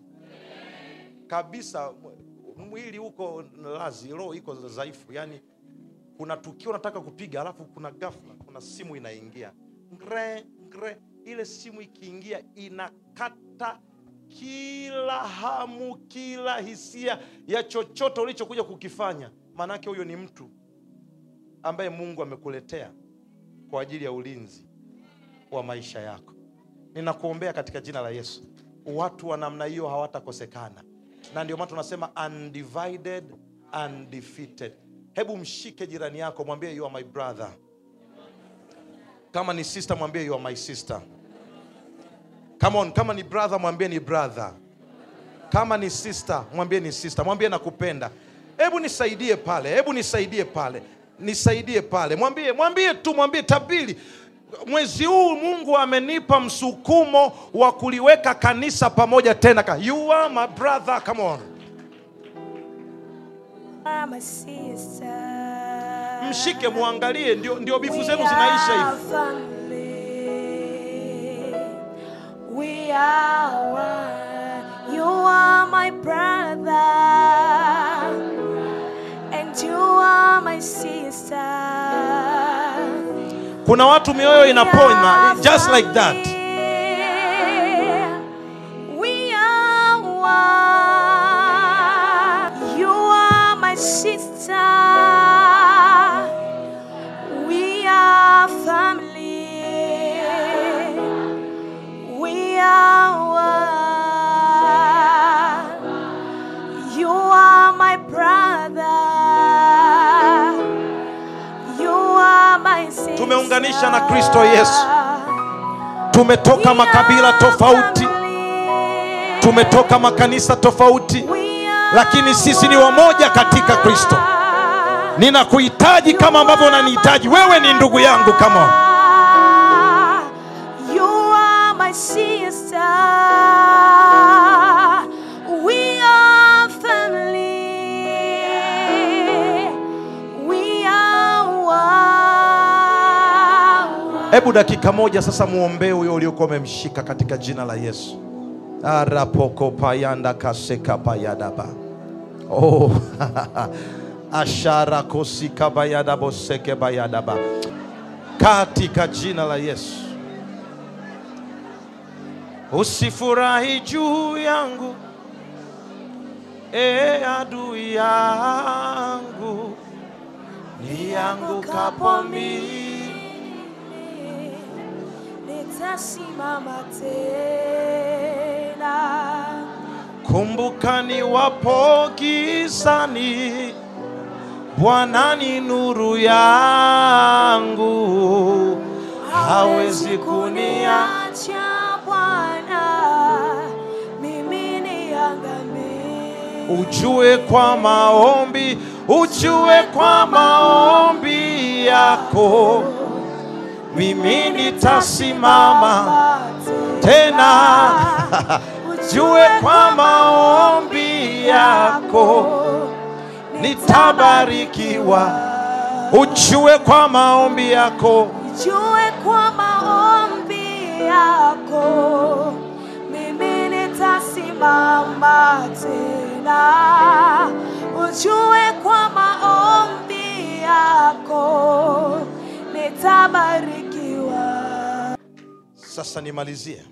kabisa. Mwili uko lazi, roho iko dhaifu, yani kuna tukio unataka kupiga, alafu kuna ghafla, kuna simu inaingia ngre ngre. Ile simu ikiingia inakata kila hamu, kila hisia ya chochote ulichokuja kukifanya. Maanake huyo ni mtu ambaye Mungu amekuletea kwa ajili ya ulinzi wa maisha yako. Ninakuombea katika jina la Yesu, watu wa namna hiyo hawatakosekana, na ndio maana tunasema undivided, undefeated. Hebu mshike jirani yako, mwambie you are my brother. Kama ni sister, mwambie you are my sister. Come on, kama ni brother, mwambie ni brother. Kama ni sister, mwambie ni sister. Mwambie nakupenda. Hebu nisaidie pale, hebu nisaidie pale, nisaidie pale. Mwambie, mwambie tu, mwambie tabili mwezi huu Mungu amenipa msukumo wa kuliweka kanisa pamoja tena. You are my brother, come on mshike mwangalie ndio, ndio bifu zenu zinaisha hivi We are one. You are my brother, and you are my sister. Kuna watu mioyo inapona just like that. tumeunganisha na Kristo Yesu. Tumetoka makabila tofauti, tumetoka makanisa tofauti, lakini sisi ni wamoja katika Kristo. Ninakuhitaji kama ambavyo unanihitaji wewe, ni ndugu yangu. Kama you are my Hebu dakika moja sasa muombee huyo uliokuwa umemshika katika jina la Yesu. arapoko payanda kaseka payadaba oh. ashara kosika bayadabo seke bayadaba katika jina la Yesu. Usifurahi juu yangu e adui yangu ni yangu mimi nitasimama tena. Kumbukani wapo gizani, Bwana ni nuru yangu, hawezi kuniacha Bwana, mimi niangamie. Ujue kwa maombi, ujue kwa maombi yako mimi nitasimama tena ujue kwa maombi yako nitabarikiwa. Ujue kwa maombi yako, ujue kwa maombi yako, mimi nitasimama tena. Ujue kwa maombi yako nitabarikiwa. Sasa nimalizie,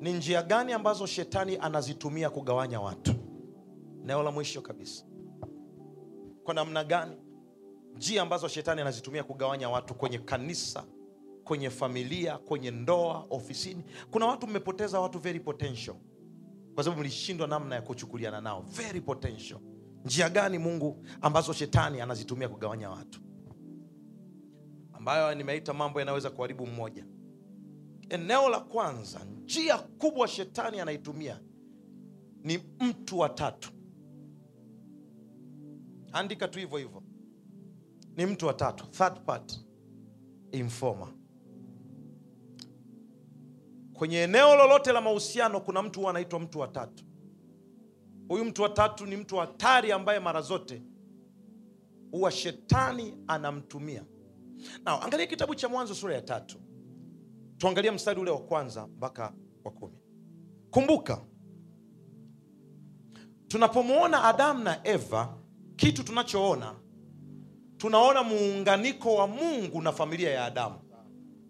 ni njia gani ambazo shetani anazitumia kugawanya watu? Neno la mwisho kabisa, kwa namna gani njia ambazo shetani anazitumia kugawanya watu kwenye kanisa, kwenye familia, kwenye ndoa, ofisini? Kuna watu mmepoteza watu very potential kwa sababu mlishindwa namna ya kuchukuliana nao very potential. Njia gani Mungu ambazo shetani anazitumia kugawanya watu? ambayo nimeita mambo yanayoweza kuharibu mmoja. Eneo la kwanza, njia kubwa shetani anaitumia ni mtu wa tatu. Andika tu hivyo hivyo, ni mtu wa tatu, third party informer. Kwenye eneo lolote la mahusiano kuna mtu anaitwa mtu wa tatu. Huyu mtu wa tatu ni mtu hatari ambaye mara zote huwa shetani anamtumia Now, angalia kitabu cha Mwanzo sura ya tatu, tuangalie mstari ule wa kwanza mpaka wa kumi. Kumbuka tunapomwona Adamu na Eva, kitu tunachoona tunaona muunganiko wa Mungu na familia ya Adamu,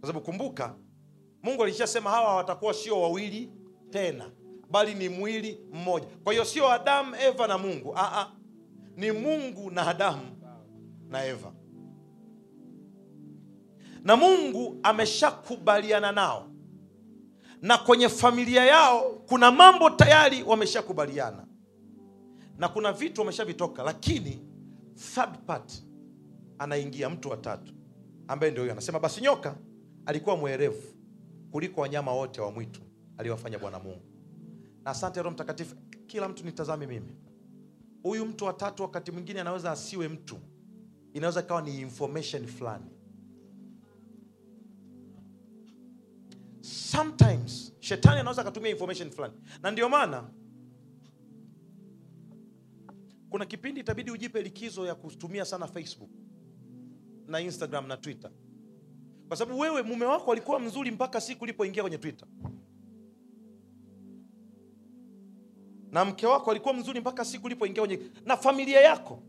kwa sababu kumbuka Mungu alishasema hawa watakuwa sio wawili tena, bali ni mwili mmoja. Kwa hiyo sio Adamu Eva na Mungu, aa, ni Mungu na Adamu na Eva na Mungu ameshakubaliana nao, na kwenye familia yao kuna mambo tayari wameshakubaliana na kuna vitu wameshavitoka, lakini third anaingia, mtu wa tatu ambaye ndio huyo anasema, basi nyoka alikuwa mwerevu kuliko wanyama wote wa mwitu aliwafanya Bwana Mungu. Na asante Roho Mtakatifu, kila mtu nitazame mimi. Huyu mtu wa tatu wakati mwingine anaweza asiwe mtu, inaweza ikawa ni information fulani sometimes shetani anaweza akatumia information fulani na ndio maana kuna kipindi itabidi ujipe likizo ya kutumia sana facebook na instagram na twitter kwa sababu wewe mume wako alikuwa mzuri mpaka siku ulipoingia kwenye twitter na mke wako alikuwa mzuri mpaka siku ulipoingia kwenye na familia yako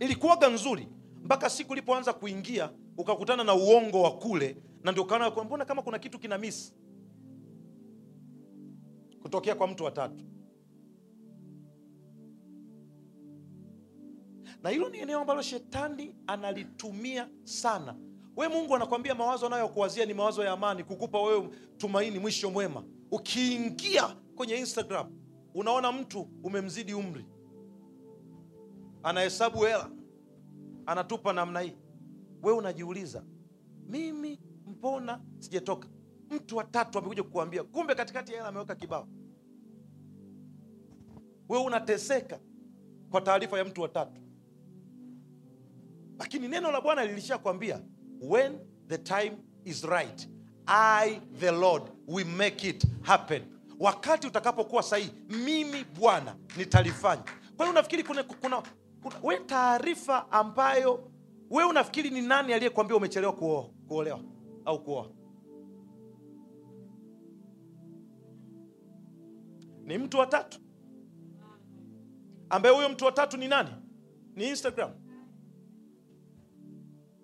ilikuwaga nzuri mpaka siku ulipoanza kuingia ukakutana na uongo wa kule na ndio kaona kwa mbona kama kuna kitu kina miss kutokea kwa mtu wa tatu. Na hilo ni eneo ambalo shetani analitumia sana. We, Mungu anakwambia mawazo anayokuwazia ni mawazo ya amani, kukupa wewe tumaini, mwisho mwema. Ukiingia kwenye Instagram unaona mtu umemzidi umri, anahesabu hela, anatupa namna hii, we unajiuliza mimi mbona sijatoka? Mtu watatu amekuja kukuambia, kumbe katikati ya hela ameweka kibao. Wewe unateseka kwa taarifa ya mtu watatu, lakini neno la Bwana lilishakwambia when the time is right I the Lord we make it happen, wakati utakapokuwa sahihi, mimi Bwana nitalifanya. Kwa hiyo unafikiri kuna, kuna, kuna we taarifa ambayo wewe unafikiri ni nani aliyekwambia umechelewa kuolewa? ao kuoa. Ni mtu wa tatu ambaye huyo mtu wa tatu ni nani? Ni Instagram,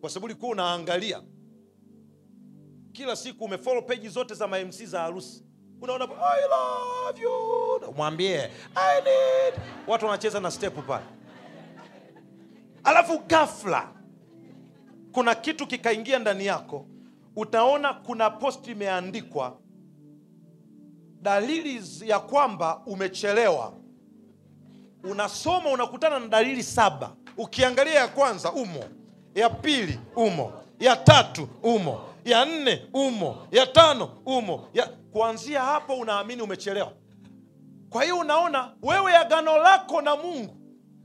kwa sababu ulikuwa unaangalia kila siku, umefollow page zote za mamc za harusi, unaona I love you, mwambie I need, watu wanacheza na step pale, alafu ghafla kuna kitu kikaingia ndani yako utaona kuna posti imeandikwa dalili ya kwamba umechelewa. Unasoma unakutana na dalili saba, ukiangalia ya kwanza umo, ya pili umo, ya tatu umo, ya nne umo, ya tano umo, ya kuanzia hapo unaamini umechelewa. Kwa hiyo unaona wewe agano lako na Mungu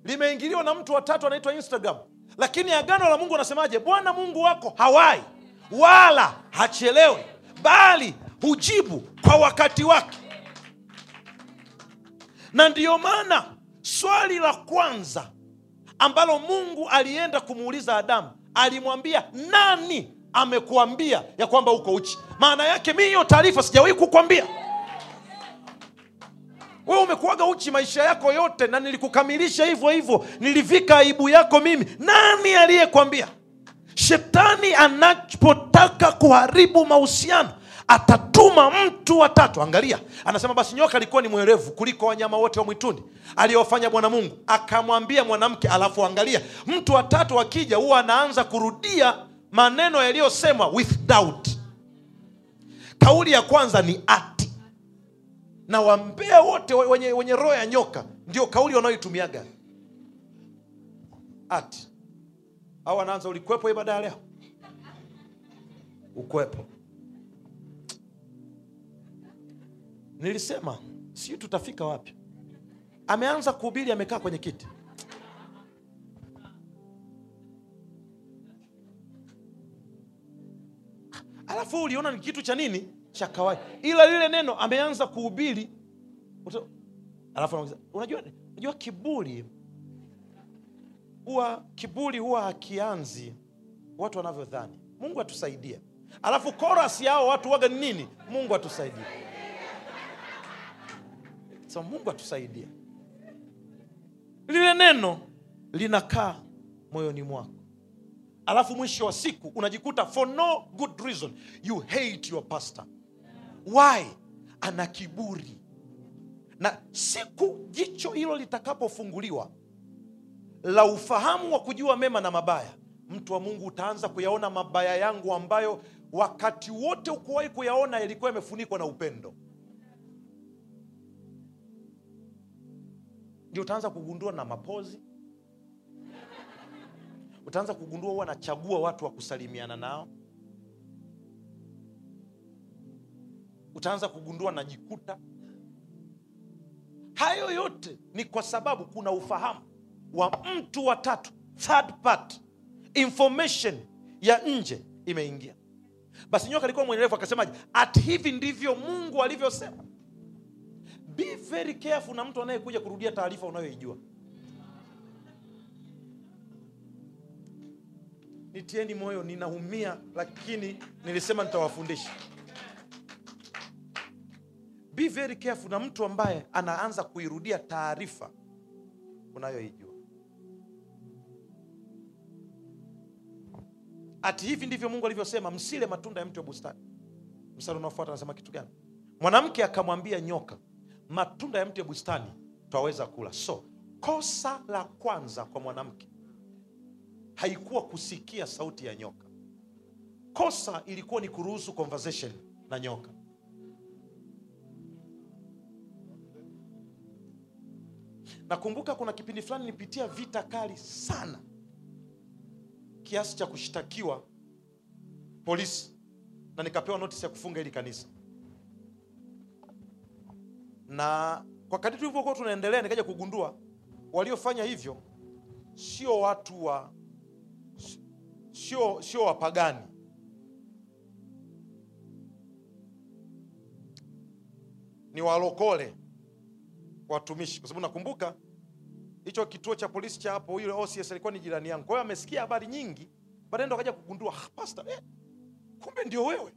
limeingiliwa na mtu watatu anaitwa Instagram, lakini agano la Mungu anasemaje? Bwana Mungu wako hawai wala hachelewi, bali hujibu kwa wakati wake. Na ndiyo maana swali la kwanza ambalo Mungu alienda kumuuliza Adamu, alimwambia nani amekuambia ya kwamba uko uchi? Maana yake mi hiyo taarifa sijawahi kukwambia wee umekuwaga uchi maisha yako yote, na nilikukamilisha hivyo hivyo, nilivika aibu yako mimi. Nani aliyekwambia? Shetani anapotaka kuharibu mahusiano atatuma mtu watatu. Angalia, anasema basi nyoka alikuwa ni mwerevu kuliko wanyama wote wa mwituni aliyofanya Bwana Mungu, akamwambia mwanamke. Alafu angalia, mtu watatu akija, huwa anaanza kurudia maneno yaliyosemwa with doubt. Kauli ya kwanza ni ati, na wambea wote wenye, wenye roho ya nyoka ndio kauli wanaoitumiaga ati au anaanza ulikwepo ibada ya leo? Ukwepo. Nilisema sijui tutafika wapi. Ameanza kuhubiri, amekaa kwenye kiti. Alafu uliona ni kitu cha nini cha kawaida, ila lile neno ameanza kuhubiri, alafu unajua, unajua kiburi huwa kiburi huwa hakianzi watu wanavyodhani. Mungu atusaidie. Alafu korasi yao watu waga ni nini? Mungu atusaidie. So Mungu atusaidie. Lile neno linakaa moyoni mwako, alafu mwisho wa siku unajikuta for no good reason you hate your pastor. Why? Ana kiburi, na siku jicho hilo litakapofunguliwa la ufahamu wa kujua mema na mabaya, mtu wa Mungu utaanza kuyaona mabaya yangu ambayo wakati wote ukuwahi kuyaona yalikuwa yamefunikwa na upendo. Ndio utaanza kugundua na mapozi, utaanza kugundua huwa anachagua watu wa kusalimiana nao, utaanza kugundua najikuta. Hayo yote ni kwa sababu kuna ufahamu wa mtu wa tatu, third part, information ya nje imeingia. Basi nyoka alikuwa mwenyelevu, akasemaje? Ati hivi ndivyo Mungu alivyosema. Be very careful na mtu anayekuja kurudia taarifa unayoijua. Nitieni moyo, ninaumia, lakini nilisema nitawafundisha. Be very careful na mtu ambaye anaanza kuirudia taarifa unayoijua. ati hivi ndivyo Mungu alivyosema, msile matunda ya mti wa bustani. Mstari unaofuata anasema kitu gani? Mwanamke akamwambia nyoka, matunda ya mti wa bustani twaweza kula. So kosa la kwanza kwa mwanamke haikuwa kusikia sauti ya nyoka, kosa ilikuwa ni kuruhusu conversation na nyoka. Nakumbuka kuna kipindi fulani nipitia vita kali sana kiasi cha kushtakiwa polisi na nikapewa notisi ya kufunga hili kanisa. Na kwa kadri tulivyokuwa tunaendelea, nikaja kugundua waliofanya hivyo sio watu wa sio sio wapagani, ni walokole watumishi, kwa sababu nakumbuka hicho kituo cha polisi cha hapo, yule OCS alikuwa ni jirani yangu, kwa hiyo amesikia habari nyingi. Baadaye ndo akaja kugundua ah, pastor, eh, kumbe ndio wewe.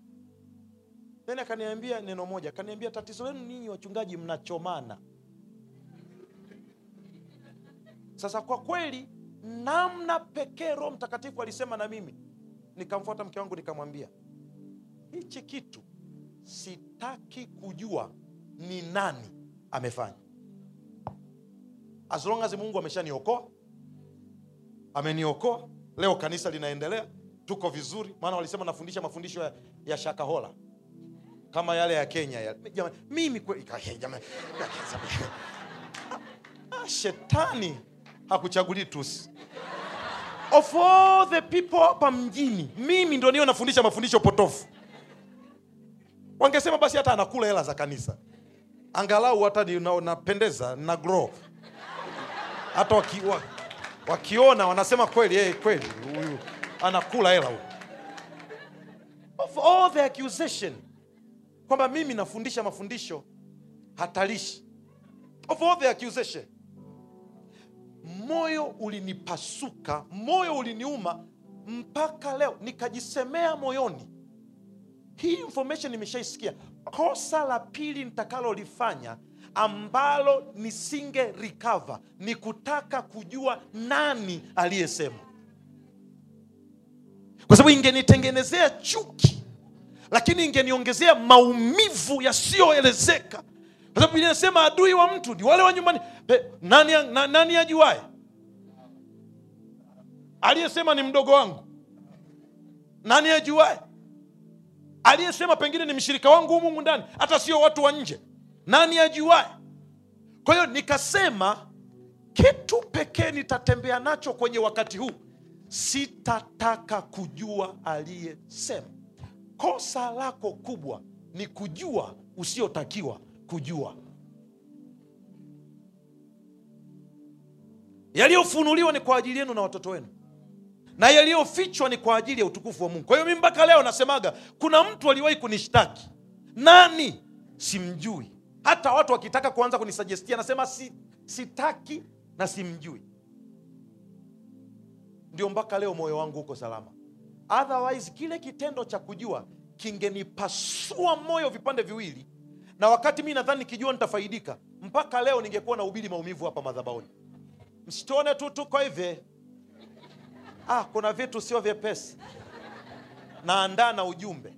Then akaniambia neno moja, akaniambia tatizo lenu ninyi wachungaji mnachomana. Sasa kwa kweli, namna pekee Roho Mtakatifu alisema na mimi, nikamfuata mke wangu nikamwambia, hichi kitu sitaki kujua ni nani amefanya as long as mungu ameshaniokoa ameniokoa leo kanisa linaendelea tuko vizuri maana walisema nafundisha mafundisho ya, ya shakahola kama yale ya kenya ah, shetani hakuchagulii tusi of all the people hapa mjini mimi ndo niyo nafundisha mafundisho potofu wangesema basi hata anakula hela za kanisa angalau hata napendeza na grow hata waki, wa, wakiona wanasema kweli hey, kweli huyu anakula hela huyu of all the accusation kwamba mimi nafundisha mafundisho hatarishi of all the accusation moyo ulinipasuka moyo uliniuma mpaka leo nikajisemea moyoni hii information nimeshaisikia kosa la pili nitakalolifanya ambalo nisinge rikava ni kutaka kujua nani aliyesema, kwa sababu ingenitengenezea chuki, lakini ingeniongezea maumivu yasiyoelezeka, kwa sababu inasema adui wa mtu ni wale wa nyumbani. Nani, nani, nani ajuae aliyesema ni mdogo wangu? Nani ajuae aliyesema pengine ni mshirika wangu humu ndani, hata sio watu wa nje? nani ajuae? Kwa hiyo nikasema kitu pekee nitatembea nacho kwenye wakati huu, sitataka kujua aliyesema. Kosa lako kubwa ni kujua usiotakiwa kujua. Yaliyofunuliwa ni kwa ajili yenu na watoto wenu, na yaliyofichwa ni kwa ajili ya utukufu wa Mungu. Kwa hiyo mi mpaka leo nasemaga, kuna mtu aliwahi kunishtaki, nani simjui hata watu wakitaka kuanza kunisajestia nasema si, sitaki na simjui. Ndio mpaka leo moyo wangu uko salama, otherwise kile kitendo cha kujua kingenipasua moyo vipande viwili, na wakati mi nadhani nikijua nitafaidika, mpaka leo ningekuwa na ubili maumivu hapa madhabaoni Msitone tu tuko hivi. Ah, kuna vitu sio vyepesi, naandaa na ujumbe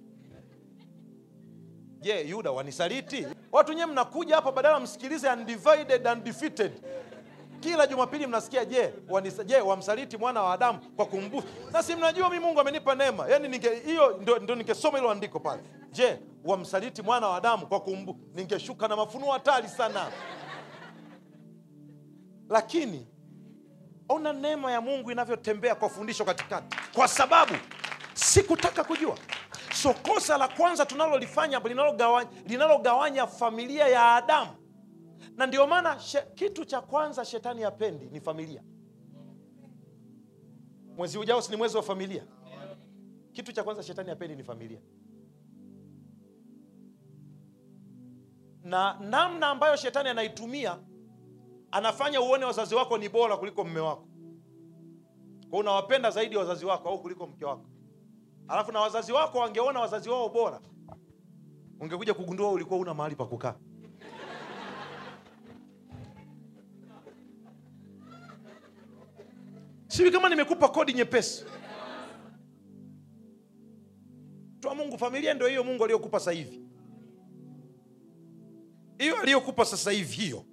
Je, yeah, Yuda wanisaliti? Watu nyewe mnakuja hapa badala msikilize undivided and defeated. Kila Jumapili mnasikia je, yeah, wanisaje yeah, wamsaliti mwana wa Adamu kwa kumbusu. Na si mnajua mimi Mungu amenipa neema. Yaani ninge hiyo ndio ndio ningesoma hilo andiko pale. Je, yeah, wamsaliti mwana wa Adamu kwa kumbu ningeshuka na mafunuo hatari sana. Lakini ona neema ya Mungu inavyotembea kwa fundisho katikati. Kwa sababu sikutaka kujua So kosa la kwanza tunalolifanya linalogawanya, linalogawanya familia ya Adamu, na ndio maana kitu cha kwanza shetani hapendi ni familia. Mwezi ujao si ni mwezi wa familia? Kitu cha kwanza shetani hapendi ni familia, na namna ambayo shetani anaitumia anafanya uone wazazi wako ni bora kuliko mme wako, kwa unawapenda zaidi wazazi wako au kuliko mke wako alafu na wazazi wako wangeona wazazi wao bora, ungekuja kugundua ulikuwa una mahali pa kukaa. sivi kama nimekupa kodi nyepesi. twa Mungu, familia ndio hiyo Mungu aliyokupa sasa hivi, hiyo aliyokupa sasa hivi, hiyo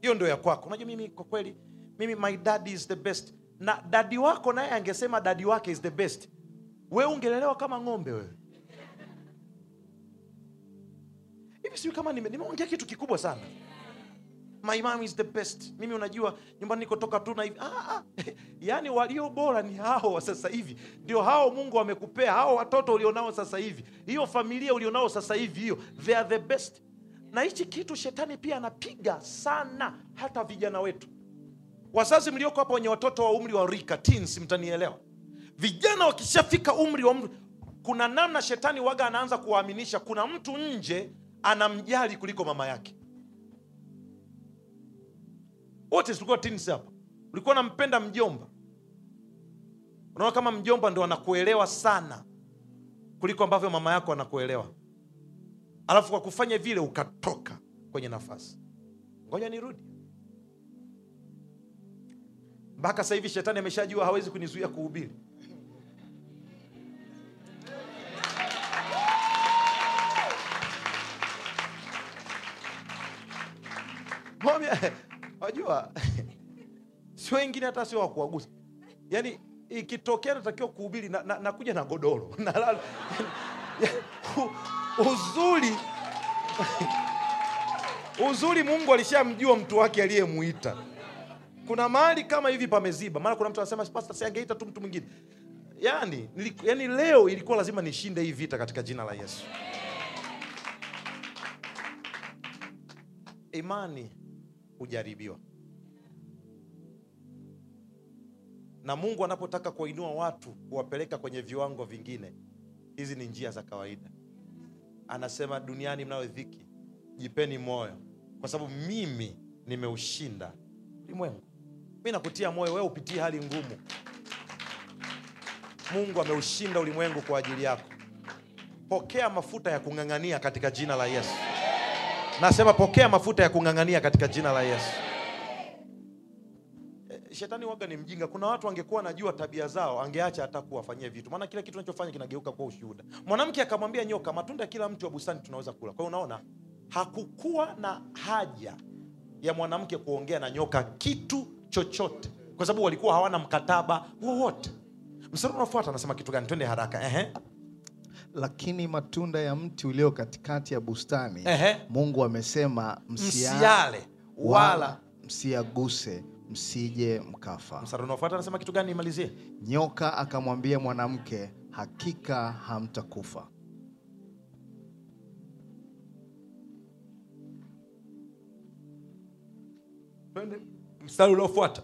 hiyo ndio ya kwako. Unajua mimi kwa kweli, mimi my dad is the best, na dadi wako naye angesema dadi wake is the best wewe ungelelewa kama ng'ombe wewe hivi sijui kama nimeongea kitu kikubwa sana my mom is the best mimi unajua nyumbani nikotoka tu na hivi ah, ah. Eh, yaani walio bora ni hao wa sasa hivi ndio hao mungu amekupea hao watoto ulionao sasa hivi hiyo familia ulionao sasa hivi hiyo they are the best na hichi kitu shetani pia anapiga sana hata vijana wetu wazazi mlioko hapa wenye watoto wa umri wa rika teens mtanielewa vijana wakishafika umri wa mtu kuna namna shetani waga anaanza kuwaaminisha kuna mtu nje anamjali kuliko mama yake. Wote tulikuwa teens hapa, ulikuwa nampenda mjomba, unaona kama mjomba ndo anakuelewa sana kuliko ambavyo mama yako anakuelewa, alafu kwa kufanya vile ukatoka kwenye nafasi, ngoja nirudi mpaka sasa hivi shetani ameshajua hawezi kunizuia kuhubiri. wajua si wengine hata sio wakuwagusa yani ikitokea natakiwa kuhubiri nakuja na, na, na, godoro uzuri uzuri mungu alishamjua mtu wake aliyemwita kuna mahali kama hivi pameziba maana kuna mtu anasema pasta siangeita tu mtu mwingine yani, yani leo ilikuwa lazima nishinde hii vita katika jina la yesu imani kujaribiwa. Na Mungu anapotaka kuwainua watu kuwapeleka kwenye viwango vingine, hizi ni njia za kawaida. Anasema, duniani mnayo dhiki, jipeni moyo, kwa sababu mimi nimeushinda ulimwengu. Mi nakutia moyo wewe upitie hali ngumu. Mungu ameushinda ulimwengu kwa ajili yako. Pokea mafuta ya kung'ang'ania katika jina la Yesu. Nasema pokea mafuta ya kung'ang'ania katika jina la Yesu. Eh, shetani waga ni mjinga. Kuna watu angekuwa anajua tabia zao angeacha hata kuwafanyia vitu, maana kila kitu anachofanya kinageuka kuwa ushuhuda. Mwanamke akamwambia nyoka, matunda kila mtu wa bustani tunaweza kula. Kwa hiyo unaona, hakukuwa na haja ya mwanamke kuongea na nyoka kitu chochote, kwa sababu walikuwa hawana mkataba wowote. Mstari unaofuata anasema kitu gani? Twende haraka. Ehe lakini matunda ya mti ulio katikati ya bustani Ehe. Mungu amesema msia, msiale wala msiaguse msije mkafa. Mstari unaofuata anasema kitu gani? imalizie Nyoka akamwambia mwanamke, hakika hamtakufa. Twende mstari unaofuata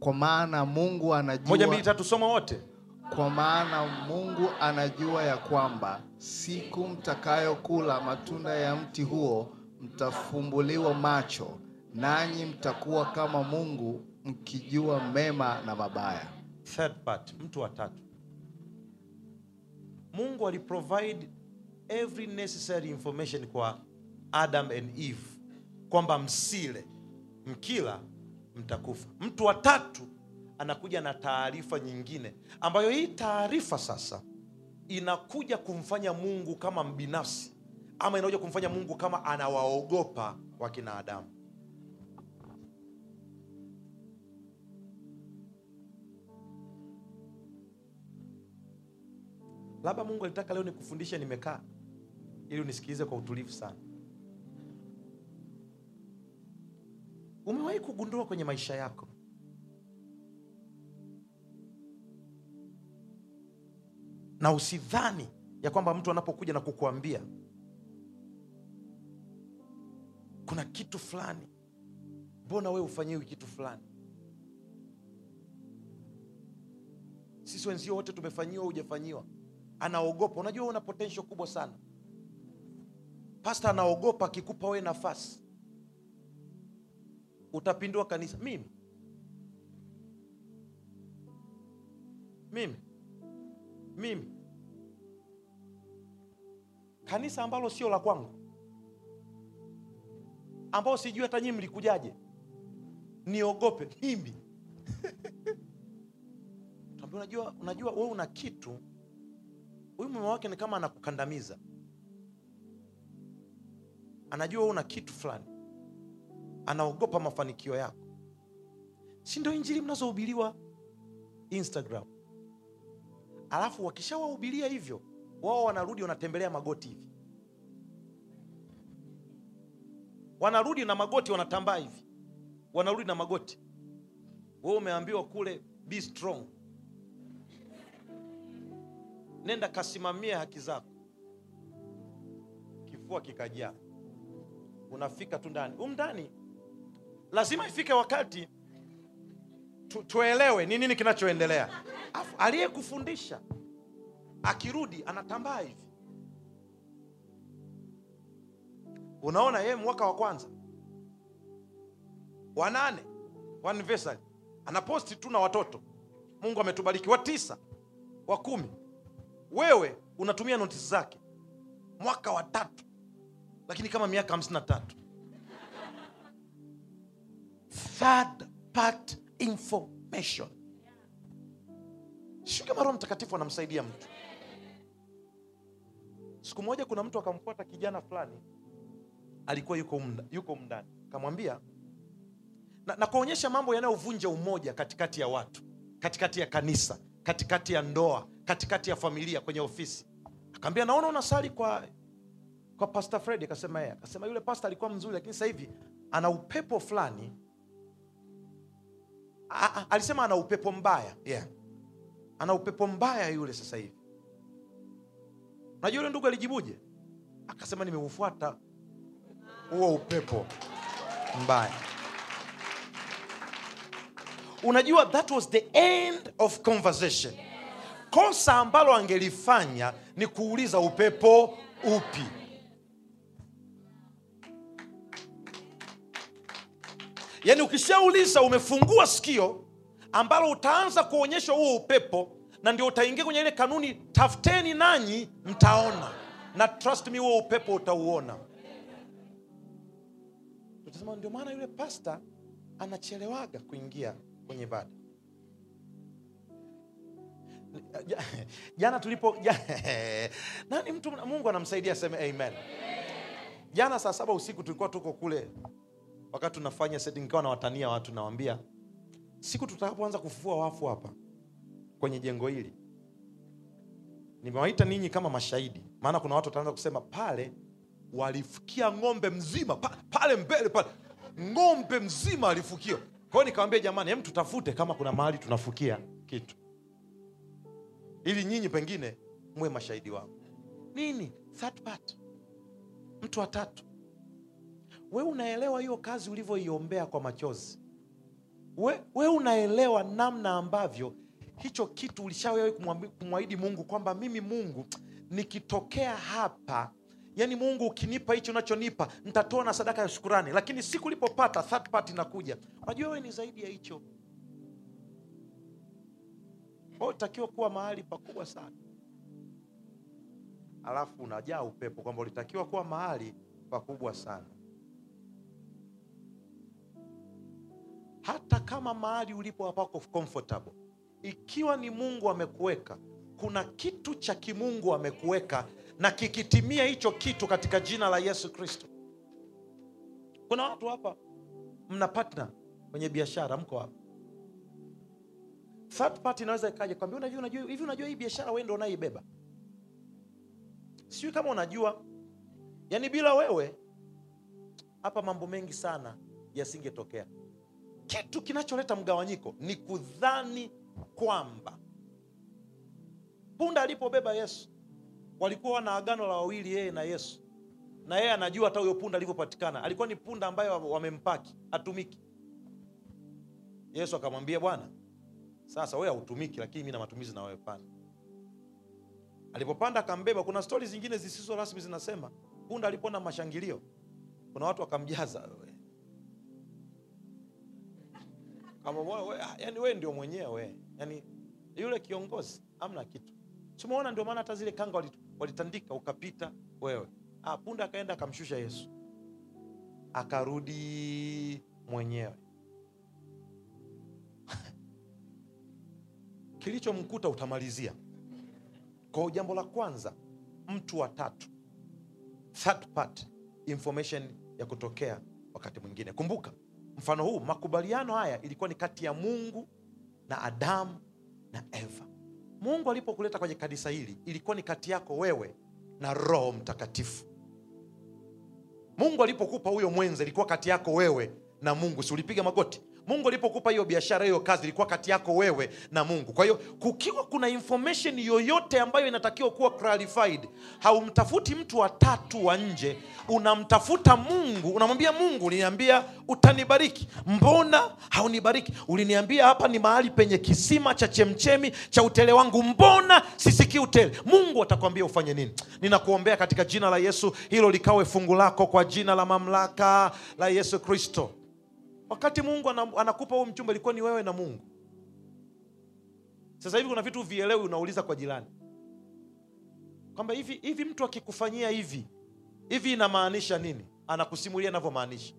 Kwa maana Mungu anajua moja, mbili, tatu, soma wote kwa maana Mungu anajua ya kwamba siku mtakayokula matunda ya mti huo mtafumbuliwa macho, nanyi mtakuwa kama Mungu mkijua mema na mabaya. Third part, mtu wa tatu. Mungu aliprovide every necessary information kwa Adam and Eve kwamba msile, mkila mtakufa. Mtu wa tatu anakuja na taarifa nyingine ambayo hii taarifa sasa inakuja kumfanya Mungu kama mbinafsi ama inakuja kumfanya Mungu kama anawaogopa wa kinadamu Labda Mungu alitaka leo nikufundishe, nimekaa ili unisikilize kwa utulivu sana. Umewahi kugundua kwenye maisha yako na usidhani ya kwamba mtu anapokuja na kukuambia kuna kitu fulani, mbona wewe ufanyiwi kitu fulani? Sisi wenzio wote tumefanyiwa, hujafanyiwa, anaogopa. Unajua una potential kubwa sana pasta, anaogopa akikupa wewe nafasi utapindua kanisa. Mimi mimi mimi kanisa ambalo sio la kwangu, ambao sijui hata nyinyi mlikujaje, niogope mimi? Unajua, unajua wewe una kitu, huyu mume wake ni kama anakukandamiza, anajua wewe una kitu fulani, anaogopa mafanikio yako. Si ndio injili mnazohubiriwa Instagram? Alafu wakishawahubiria hivyo wao wanarudi wanatembelea magoti hivi, wanarudi na magoti wanatambaa hivi, wanarudi na magoti. Wewe umeambiwa kule be strong, nenda kasimamie haki zako. Kifua kikajaa, unafika tu ndani um ndani, lazima ifike wakati tu, tuelewe ni nini kinachoendelea, aliyekufundisha akirudi anatambaa hivi. Unaona, yeye mwaka wa kwanza nane wa anniversary anaposti tu na watoto, Mungu ametubariki wa tisa wa kumi, wewe unatumia notisi zake mwaka wa tatu, lakini kama miaka hamsini na tatu. Third part information, Shuka maro Mtakatifu anamsaidia mtu siku moja kuna mtu akamfuata kijana fulani alikuwa yuko mda, yuko mndani akamwambia na, na kuonyesha mambo yanayovunja umoja katikati ya watu katikati ya kanisa katikati ya ndoa katikati ya familia kwenye ofisi akaambia naona unasali kwa kwa Pastor Fred akasema yeye akasema yule pastor alikuwa mzuri lakini sasa hivi ana upepo fulani alisema ana upepo mbaya yeah. ana upepo mbaya yule sasa hivi Najua yule ndugu alijibuje? Akasema nimeufuata huo upepo mbaya. Unajua, that was the end of conversation. Kosa ambalo angelifanya ni kuuliza upepo upi. Yaani ukishauliza umefungua sikio ambalo utaanza kuonyesha huo upepo na ndio utaingia kwenye ile kanuni, tafuteni nanyi mtaona, na trust me, huo upepo utauona. Utasema ndio maana yule pasta anachelewaga kuingia kwenye ibada. Jana tulipo nani, mtu Mungu anamsaidia aseme amen. Jana saa saba usiku tulikuwa tuko kule, wakati tunafanya setting, nikawa nawatania watu, nawambia siku tutakapoanza kufufua wafu hapa kwenye jengo hili. Nimewaita ninyi kama mashahidi, maana kuna watu wataanza kusema pale walifukia ng'ombe mzima pa, pale mbele pale ng'ombe mzima alifukia Kwa hiyo nikamwambia, jamani, hem, tutafute kama kuna mahali tunafukia kitu, ili nyinyi pengine mwe mashahidi wangu. Nini third part. mtu wa tatu. We unaelewa hiyo kazi ulivyoiombea kwa machozi? We, we unaelewa namna ambavyo hicho kitu ulishawahi kumwahidi Mungu kwamba mimi Mungu nikitokea hapa yani Mungu ukinipa hicho unachonipa nitatoa na sadaka ya shukurani, lakini siku ulipopata third party inakuja, unajua wewe ni zaidi ya hicho. Utakiwa kuwa mahali pakubwa sana, alafu unajaa upepo kwamba ulitakiwa kuwa mahali pakubwa sana. Hata kama mahali ulipo hapako comfortable ikiwa ni Mungu amekuweka, kuna kitu cha kimungu amekuweka, na kikitimia hicho kitu katika jina la Yesu Kristo. Kuna watu hapa mna partner kwenye biashara, mko hapa third party inaweza ikaja kwambia, unajua unajua hivi, unajua hii biashara wewe ndio unaibeba, sijui kama unajua. Yani bila wewe hapa mambo mengi sana yasingetokea. Kitu kinacholeta mgawanyiko ni kudhani kwamba punda alipobeba Yesu walikuwa na agano la wawili, yeye na Yesu, na yeye anajua hata huyo punda alivyopatikana. Alikuwa ni punda ambaye wamempaki atumiki. Yesu akamwambia, Bwana, sasa wewe hautumiki, lakini mi na matumizi na Alipopanda akambeba. Kuna stori zingine zisizo rasmi zinasema punda alipona mashangilio, kuna watu wakamjaza kama, yani wewe ndio mwenyewe yani yule kiongozi amna kitu. Tumeona ndio maana hata zile kanga walitandika ukapita wewe. Ah, punda akaenda akamshusha Yesu akarudi mwenyewe. Kilichomkuta utamalizia kwa jambo la kwanza, mtu wa tatu, third part information ya kutokea wakati mwingine. Kumbuka mfano huu, makubaliano haya ilikuwa ni kati ya Mungu na Adamu na Eva. Mungu alipokuleta kwenye kanisa hili ilikuwa ni kati yako wewe na Roho Mtakatifu. Mungu alipokupa huyo mwenza ilikuwa kati yako wewe na Mungu, si ulipiga magoti? mungu alipokupa hiyo biashara hiyo kazi ilikuwa kati yako wewe na mungu kwa hiyo kukiwa kuna information yoyote ambayo inatakiwa kuwa clarified haumtafuti mtu wa tatu wa nje unamtafuta mungu unamwambia mungu uliniambia utanibariki mbona haunibariki uliniambia hapa ni mahali penye kisima cha chemchemi cha utele wangu mbona sisikii utele mungu atakwambia ufanye nini ninakuombea katika jina la yesu hilo likawe fungu lako kwa jina la mamlaka la yesu kristo wakati mungu anakupa huu mchumba ilikuwa ni wewe na mungu sasa hivi kuna vitu vielewi unauliza kwa jirani kwamba hivi hivi mtu akikufanyia hivi hivi inamaanisha nini anakusimulia navyomaanisha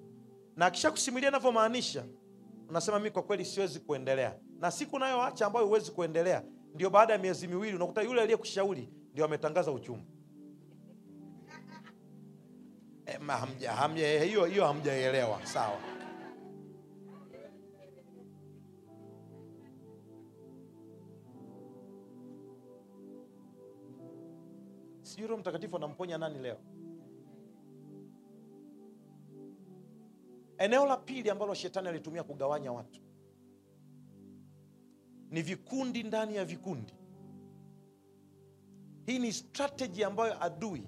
na akishakusimulia anavyomaanisha unasema mi kwa kweli siwezi kuendelea na siku unayoacha ambayo huwezi kuendelea ndio baada ya miezi miwili unakuta yule aliyekushauri ndio ametangaza uchumba eh, hiyo e, hamjaelewa sawa Sijui Roho Mtakatifu anamponya nani leo. Eneo la pili ambalo shetani alitumia kugawanya watu ni vikundi ndani ya vikundi. Hii ni strateji ambayo adui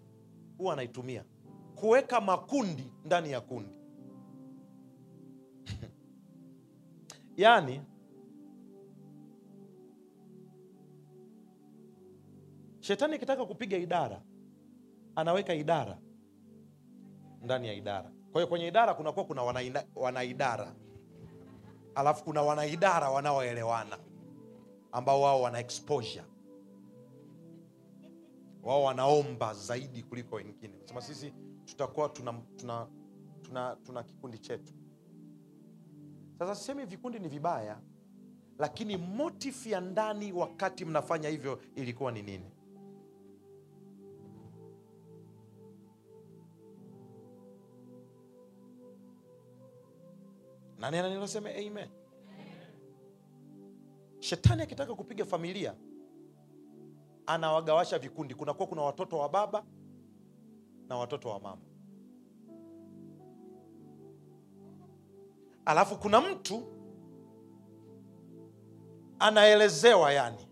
huwa anaitumia kuweka makundi ndani ya kundi yaani Shetani akitaka kupiga idara, anaweka idara ndani ya idara. Kwa hiyo kwenye idara kunakuwa kuna wanaidara, alafu kuna wanaidara wanaoelewana ambao wao wana exposure, wao wanaomba zaidi kuliko wengine. Sema sisi tutakuwa tuna, tuna, tuna, tuna kikundi chetu. Sasa sisemi vikundi ni vibaya, lakini motif ya ndani wakati mnafanya hivyo ilikuwa ni nini? na nena nilosema amen, amen. Shetani akitaka kupiga familia anawagawasha vikundi, kunakuwa kuna watoto wa baba na watoto wa mama, alafu kuna mtu anaelezewa, yani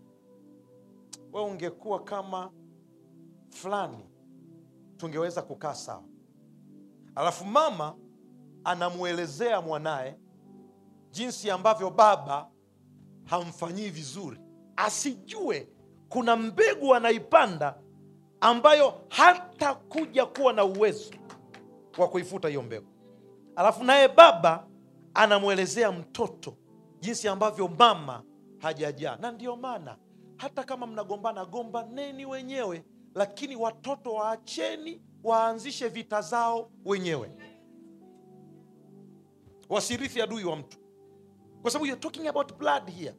we ungekuwa kama fulani tungeweza kukaa sawa, alafu mama anamwelezea mwanaye jinsi ambavyo baba hamfanyii vizuri, asijue kuna mbegu anaipanda ambayo hata kuja kuwa na uwezo wa kuifuta hiyo mbegu. Alafu naye baba anamwelezea mtoto jinsi ambavyo mama hajajaa. Na ndiyo maana hata kama mnagombana, gombaneni wenyewe, lakini watoto waacheni waanzishe vita zao wenyewe wasirithi adui wa mtu, kwa sababu you're talking about blood here.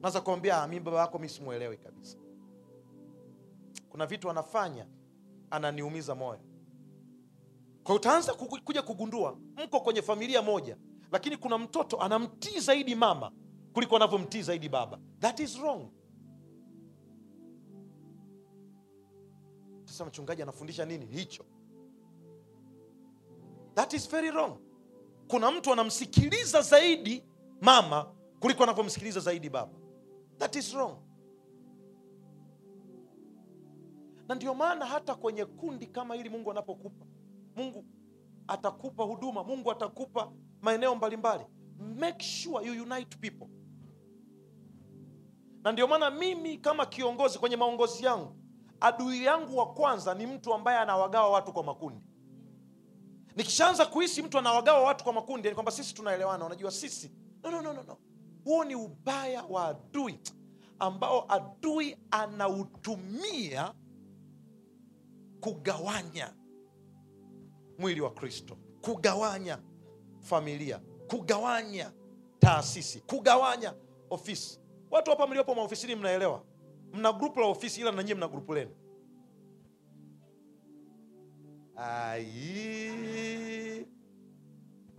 Naweza kuambia mi baba yako mi simwelewi kabisa, kuna vitu anafanya ananiumiza moyo. Kwa utaanza kuja kugundua mko kwenye familia moja, lakini kuna mtoto anamtii zaidi mama kuliko anavyomtii zaidi baba. That is wrong. Sasa mchungaji anafundisha nini hicho? That is very wrong kuna mtu anamsikiliza zaidi mama kuliko anavyomsikiliza zaidi baba. That is wrong. Na ndio maana hata kwenye kundi kama hili Mungu anapokupa, Mungu atakupa huduma, Mungu atakupa maeneo mbalimbali mbali. Make sure you unite people. Na ndio maana mimi kama kiongozi kwenye maongozi yangu, adui yangu wa kwanza ni mtu ambaye anawagawa watu kwa makundi nikishaanza kuhisi mtu anawagawa watu kwa makundi ni yaani kwamba sisi tunaelewana unajua sisi no, no, no, no, no. huo ni ubaya wa adui ambao adui anautumia kugawanya mwili wa kristo kugawanya familia kugawanya taasisi kugawanya ofisi watu hapa mliopo maofisini mnaelewa mna grupu la ofisi ila nanyie mna grupu lenu Ai.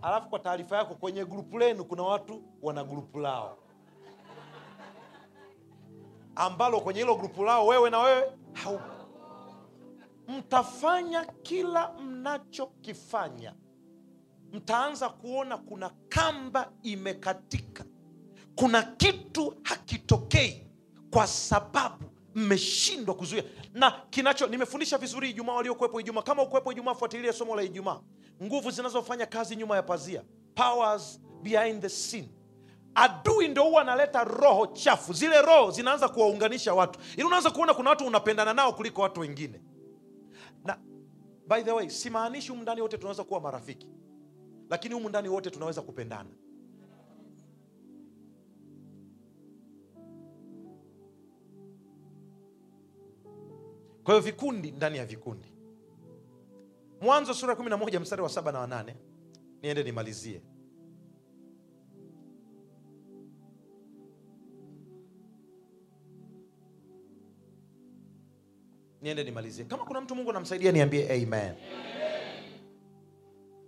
Alafu kwa taarifa yako, kwenye grupu lenu kuna watu wana grupu lao ambalo kwenye hilo grupu lao wewe na wewe hau. Mtafanya kila mnachokifanya, mtaanza kuona kuna kamba imekatika, kuna kitu hakitokei kwa sababu mmeshindwa kuzuia na kinacho nimefundisha vizuri ijumaa waliokuwepo ijumaa kama ukuwepo ijumaa fuatilia somo la ijumaa nguvu zinazofanya kazi nyuma ya pazia powers behind the scene adui ndo huwa analeta roho chafu zile roho zinaanza kuwaunganisha watu ili yaani unaanza kuona kuna watu unapendana nao kuliko watu wengine na by the way simaanishi humu ndani wote tunaweza kuwa marafiki lakini humu ndani wote tunaweza kupendana Kwa hiyo vikundi ndani ya vikundi. Mwanzo sura 11 mstari wa saba na wanane. Niende nimalizie. Niende nimalizie. Kama kuna mtu Mungu anamsaidia niambie amen, amen.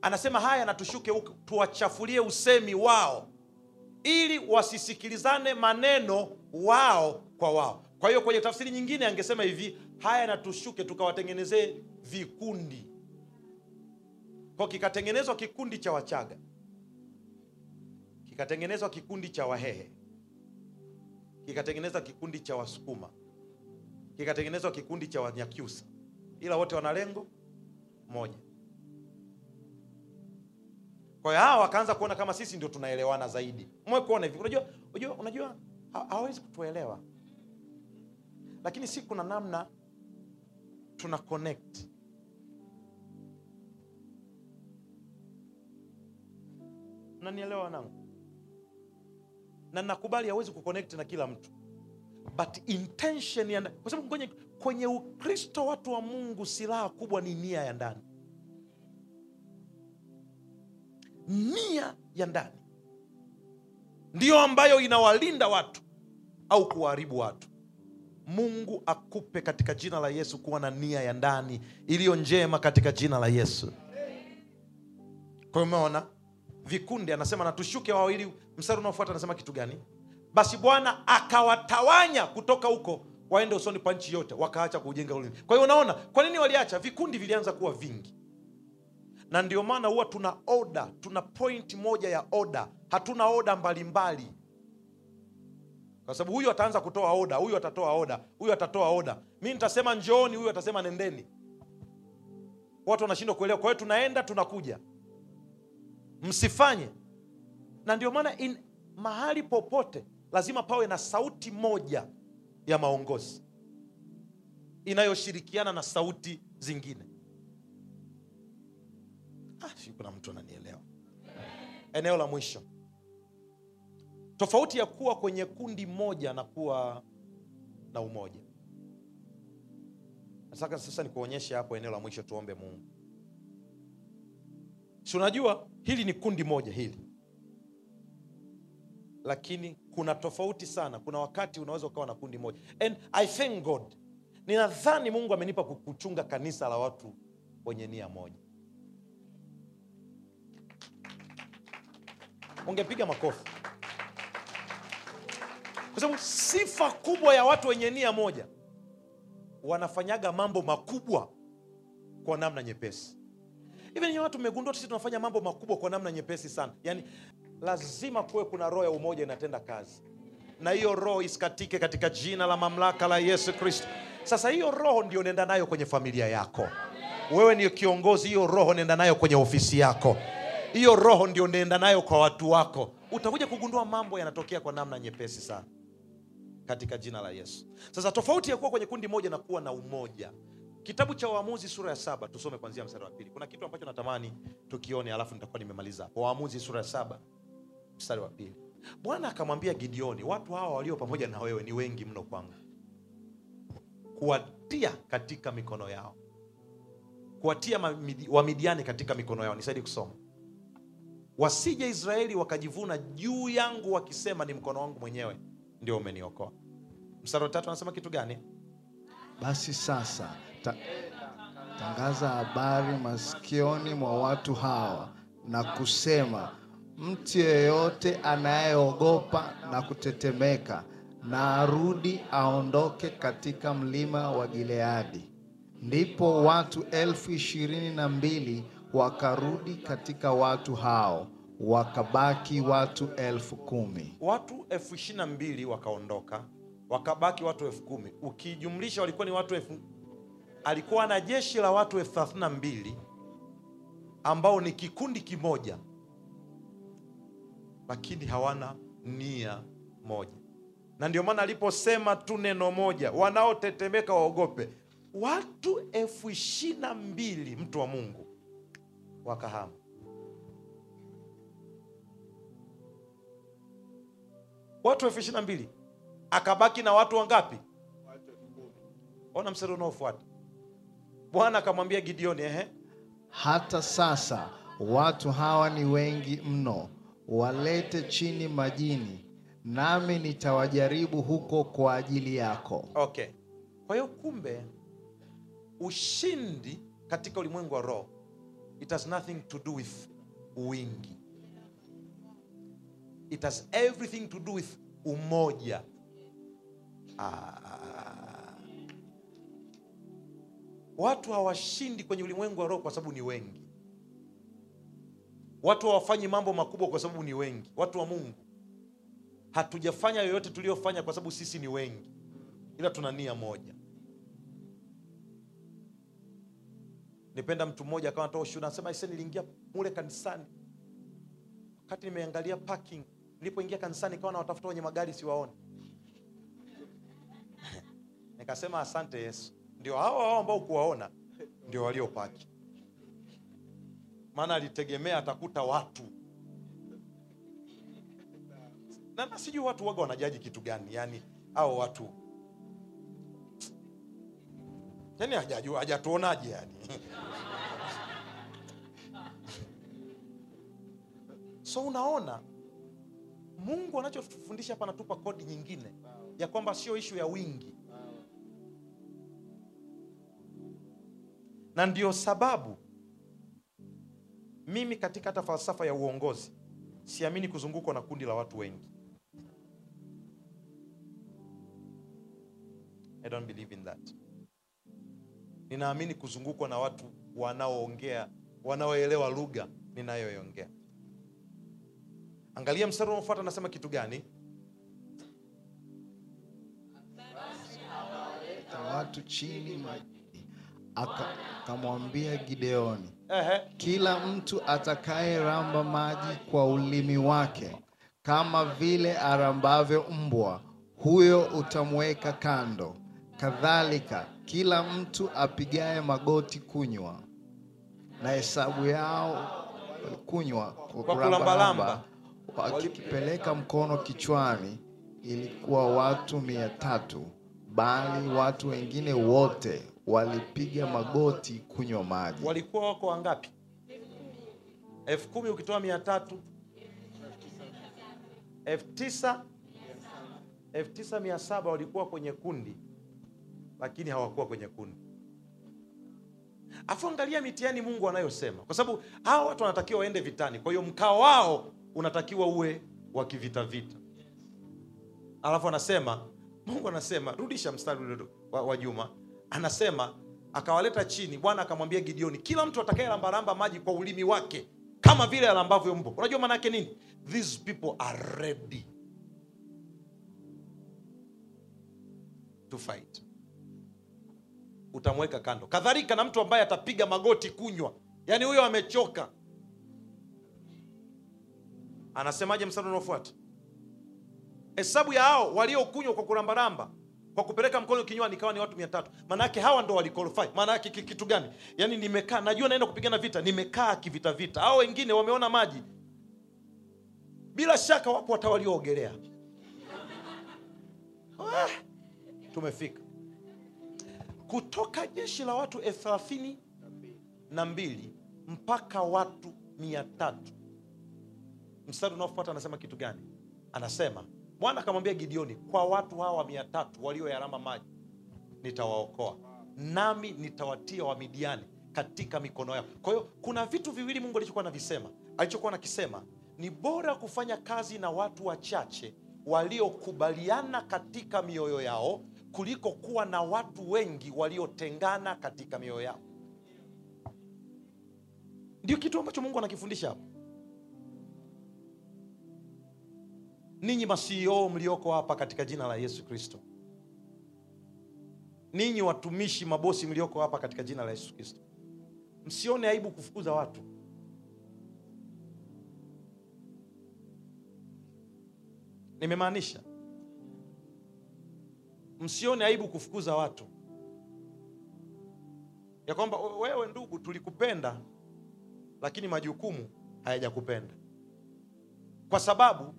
Anasema haya natushuke huku tuwachafulie usemi wao, ili wasisikilizane maneno wao kwa wao. Kwa hiyo kwenye tafsiri nyingine angesema hivi, haya na tushuke tukawatengenezee vikundi. Kwa kikatengenezwa kikundi cha Wachaga, kikatengenezwa kikundi cha Wahehe, kikatengenezwa kikundi cha Wasukuma, kikatengenezwa kikundi cha Wanyakyusa, ila wote wana lengo moja. Kwa hiyo hawa wakaanza kuona kama sisi ndio tunaelewana zaidi. Mmekuona hivi? Unajua, unajua, unajua hawawezi kutuelewa lakini si kuna namna tuna connect nanielewa wanangu, na nakubali hawezi kuconnect na kila mtu but intention ya kwa sababu kwenye, kwenye Ukristo watu wa Mungu silaha kubwa ni nia ya ndani, nia ya ndani ndiyo ambayo inawalinda watu au kuharibu watu. Mungu akupe katika jina la Yesu kuwa na nia ya ndani iliyo njema katika jina la Yesu. kwayo umeona vikundi, anasema na tushuke wawili. msari unaofuata anasema kitu gani? Basi Bwana akawatawanya kutoka huko waende usoni pa nchi yote, wakaacha kuujenga ulimi Kwa hiyo unaona kwa nini waliacha? Vikundi vilianza kuwa vingi, na ndio maana huwa tuna oda, tuna point moja ya oda, hatuna oda mbalimbali mbali kwa sababu huyu ataanza kutoa oda, huyu atatoa oda, huyu atatoa oda, mi nitasema njooni, huyu atasema nendeni. Watu wanashindwa kuelewa. Kwa hiyo tunaenda tunakuja, msifanye. Na ndio maana mahali popote lazima pawe na sauti moja ya maongozi inayoshirikiana na sauti zingine. Ah, kuna mtu ananielewa. Eneo la mwisho tofauti ya kuwa kwenye kundi moja na kuwa na umoja. Nataka sasa nikuonyeshe hapo eneo la mwisho, tuombe Mungu. Si unajua hili ni kundi moja hili, lakini kuna tofauti sana. Kuna wakati unaweza ukawa na kundi moja, and I thank God, ninadhani Mungu amenipa kuchunga kanisa la watu wenye nia moja. Ungepiga makofi. Kwa sababu sifa kubwa ya watu wenye nia moja, wanafanyaga mambo makubwa kwa namna nyepesi. Hivi ninyi watu mmegundua sisi tunafanya mambo makubwa kwa namna nyepesi sana. Yaani lazima kuwe kuna roho ya umoja inatenda kazi, na hiyo roho isikatike katika jina la mamlaka la Yesu Kristo. Sasa hiyo roho ndio nenda nayo kwenye familia yako. Wewe ndio kiongozi, hiyo roho nenda nayo kwenye ofisi yako, hiyo roho ndio nenda nayo kwa watu wako. Utakuja kugundua mambo yanatokea kwa namna nyepesi sana katika jina la Yesu. Sasa tofauti ya kuwa kwenye kundi moja na kuwa na umoja, kitabu cha Waamuzi sura ya saba tusome kuanzia mstari wa pili. Kuna kitu ambacho natamani tukione, alafu nitakuwa nimemaliza hapo. Waamuzi sura ya saba mstari wa pili. Bwana akamwambia Gideoni, watu hawa walio pamoja na wewe ni wengi mno kwangu, kuwatia katika mikono yao, kuwatia Wamidiani katika mikono yao. Nisaidi kusoma wasije Israeli wakajivuna juu yangu wakisema, ni mkono wangu mwenyewe ndio umeniokoa. Mstari wa tatu anasema kitu gani? Basi sasa ta tangaza habari masikioni mwa watu hawa na kusema, mtu yeyote anayeogopa na kutetemeka na arudi aondoke katika mlima wa Gileadi. Ndipo watu elfu ishirini na mbili wakarudi katika watu hao wakabaki watu elfu kumi. Watu elfu ishirini na mbili wakaondoka, wakabaki watu elfu kumi. Ukijumlisha walikuwa ni watu elfu, alikuwa na jeshi la watu elfu thelathini na mbili ambao ni kikundi kimoja, lakini hawana nia moja, na ndio maana aliposema tu neno moja, wanaotetemeka waogope. Watu elfu ishirini na mbili mtu wa Mungu wakahama watu elfu ishirini na mbili akabaki na watu wangapi? Ona mstari unaofuata, Bwana akamwambia Gideoni, ehe, hata sasa watu hawa ni wengi mno, walete chini majini, nami nitawajaribu huko kwa ajili yako. Okay, kwa hiyo kumbe ushindi katika ulimwengu wa roho it has nothing to do with wingi it has everything to do with umoja ah, ah, ah, ah. watu hawashindi kwenye ulimwengu wa roho kwa sababu ni wengi watu hawafanyi mambo makubwa kwa sababu ni wengi watu wa mungu hatujafanya yoyote tuliyofanya kwa sababu sisi ni wengi ila tuna nia moja nipenda mtu mmoja akawa natoa ushuhuda anasema ise niliingia mule kanisani wakati nimeangalia parking nilipoingia kanisani nikawa nawatafuta wenye magari siwaone nikasema asante yesu ndio hao hao ambao kuwaona ndio waliopaki maana alitegemea atakuta watu na, sijui watu waga wanajaji kitu gani yani au watu yani hajatuonaje yani so unaona Mungu anachotufundisha hapa, anatupa kodi nyingine wow. ya kwamba sio ishu ya wingi wow. na ndio sababu mimi katika hata falsafa ya uongozi siamini kuzungukwa na kundi la watu wengi. I don't believe in that. Ninaamini kuzungukwa na watu wanaoongea, wanaoelewa lugha ninayoiongea. Angalia mstari unaofuata anasema kitu gani? watu chini majini, akamwambia Gideoni, Ehe. kila mtu atakaye ramba maji kwa ulimi wake kama vile arambavyo mbwa, huyo utamweka kando. Kadhalika kila mtu apigaye magoti kunywa, na hesabu yao kunywa kwa Lamba wakikipeleka mkono kichwani, ilikuwa watu mia tatu, bali watu wengine wote walipiga magoti kunywa maji. Walikuwa wako wangapi? elfu kumi ukitoa mia tatu elfu tisa elfu tisa mia saba walikuwa kwenye kundi, lakini hawakuwa kwenye kundi. Afu angalia mitihani Mungu anayosema, kwa sababu hawa watu wanatakiwa waende vitani. Kwa hiyo mkao wao unatakiwa uwe wa kivita vita. Alafu anasema Mungu anasema, rudisha mstari ule wa, wa Juma, anasema akawaleta chini. Bwana akamwambia Gideoni, kila mtu atakayeramba maji kwa ulimi wake kama vile alambavyo mbo. Unajua maana yake nini? These people are ready to fight. Utamweka kando, kadhalika na mtu ambaye atapiga magoti kunywa, yaani huyo amechoka Anasemaje msana unaofuata? Hesabu ya hao waliokunywa kwa kurambaramba kwa kupeleka mkono kinywani ikawa ni watu mia tatu. Maana yake hawa ndo waliqualify. Maana yake kitu gani? Yaani nimekaa najua naenda kupigana vita, nimekaa kivita vita. Hao wengine wameona maji. Bila shaka wapo hata walioogelea. Ah, tumefika kutoka jeshi la watu elfu thelathini na mbili mpaka watu mia tatu mstari unaofuata anasema kitu gani? Anasema Bwana akamwambia Gideoni, kwa watu hawa mia tatu walioyarama maji nitawaokoa, nami nitawatia Wamidiani katika mikono yao. Kwa hiyo kuna vitu viwili Mungu alichokuwa anavisema, alichokuwa nakisema ni bora kufanya kazi na watu wachache waliokubaliana katika mioyo yao kuliko kuwa na watu wengi waliotengana katika mioyo yao. Ndio kitu ambacho Mungu anakifundisha hapo ninyi masioo e mlioko hapa katika jina la Yesu Kristo, ninyi watumishi mabosi mlioko hapa katika jina la Yesu Kristo, msione aibu kufukuza watu. Nimemaanisha, msione aibu kufukuza watu, ya kwamba wewe ndugu, tulikupenda lakini majukumu hayajakupenda, kwa sababu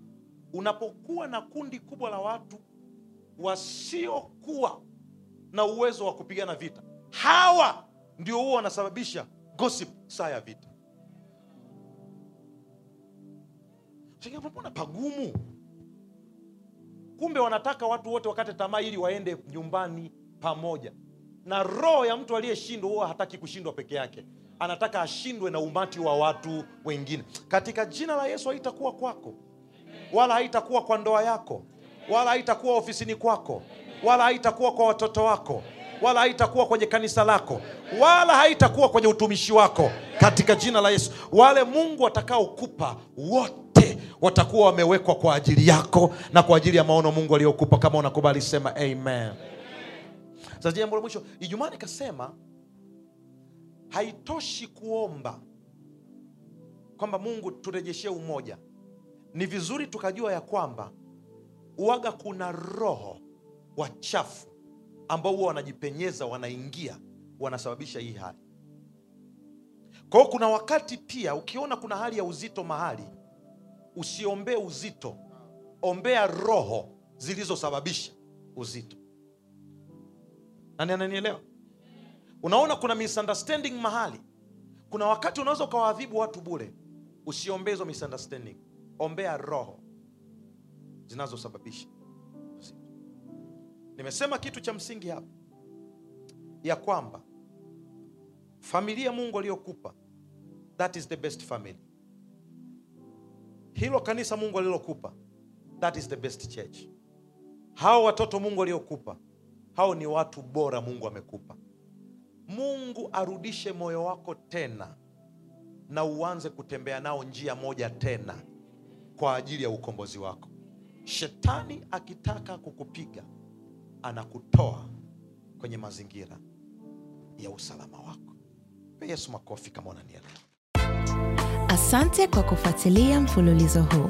Unapokuwa na kundi kubwa la watu wasiokuwa na uwezo wa kupigana vita, hawa ndio huwa wanasababisha gossip saa ya vita. Mbona pagumu? Kumbe wanataka watu wote wakate tamaa ili waende nyumbani pamoja. Na roho ya mtu aliyeshindwa huwa hataki kushindwa peke yake, anataka ashindwe na umati wa watu wengine. Katika jina la Yesu haitakuwa kwako wala haitakuwa kwa ndoa yako, wala haitakuwa ofisini kwako, wala haitakuwa kwa watoto wako, wala haitakuwa kwenye kanisa lako, wala haitakuwa kwenye utumishi wako, katika jina la Yesu. Wale Mungu atakaokupa wote watakuwa wamewekwa kwa ajili yako na kwa ajili ya maono Mungu aliyokupa. Kama unakubali sema amen. Sasa jambo la mwisho, Ijumaa nikasema haitoshi kuomba kwamba Mungu turejeshee umoja ni vizuri tukajua ya kwamba uwaga kuna roho wachafu ambao huwa wanajipenyeza, wanaingia, wanasababisha hii hali. Kwa kuna wakati pia ukiona kuna hali ya uzito mahali, usiombee uzito, ombea roho zilizosababisha uzito. Nani ananielewa? Unaona kuna misunderstanding mahali, kuna wakati unaweza ukawaadhibu watu bule, usiombee hizo misunderstanding ombea roho zinazosababisha uzito. Nimesema kitu cha msingi hapa ya kwamba familia Mungu aliyokupa that is the best family, hilo kanisa Mungu alilokupa that is the best church, hao watoto Mungu aliyokupa hao ni watu bora Mungu amekupa. Mungu arudishe moyo wako tena na uanze kutembea nao njia moja tena kwa ajili ya ukombozi wako. Shetani akitaka kukupiga, anakutoa kwenye mazingira ya usalama wako. Yesu, makofi kama unanielewa. Asante kwa kufuatilia mfululizo huu.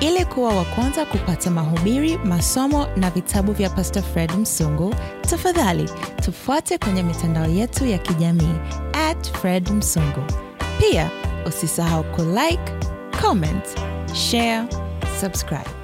Ili kuwa wa kwanza kupata mahubiri, masomo na vitabu vya Pastor Fred Msungu, tafadhali tufuate kwenye mitandao yetu ya kijamii at Fred Msungu. Pia usisahau kulike, comment share, subscribe.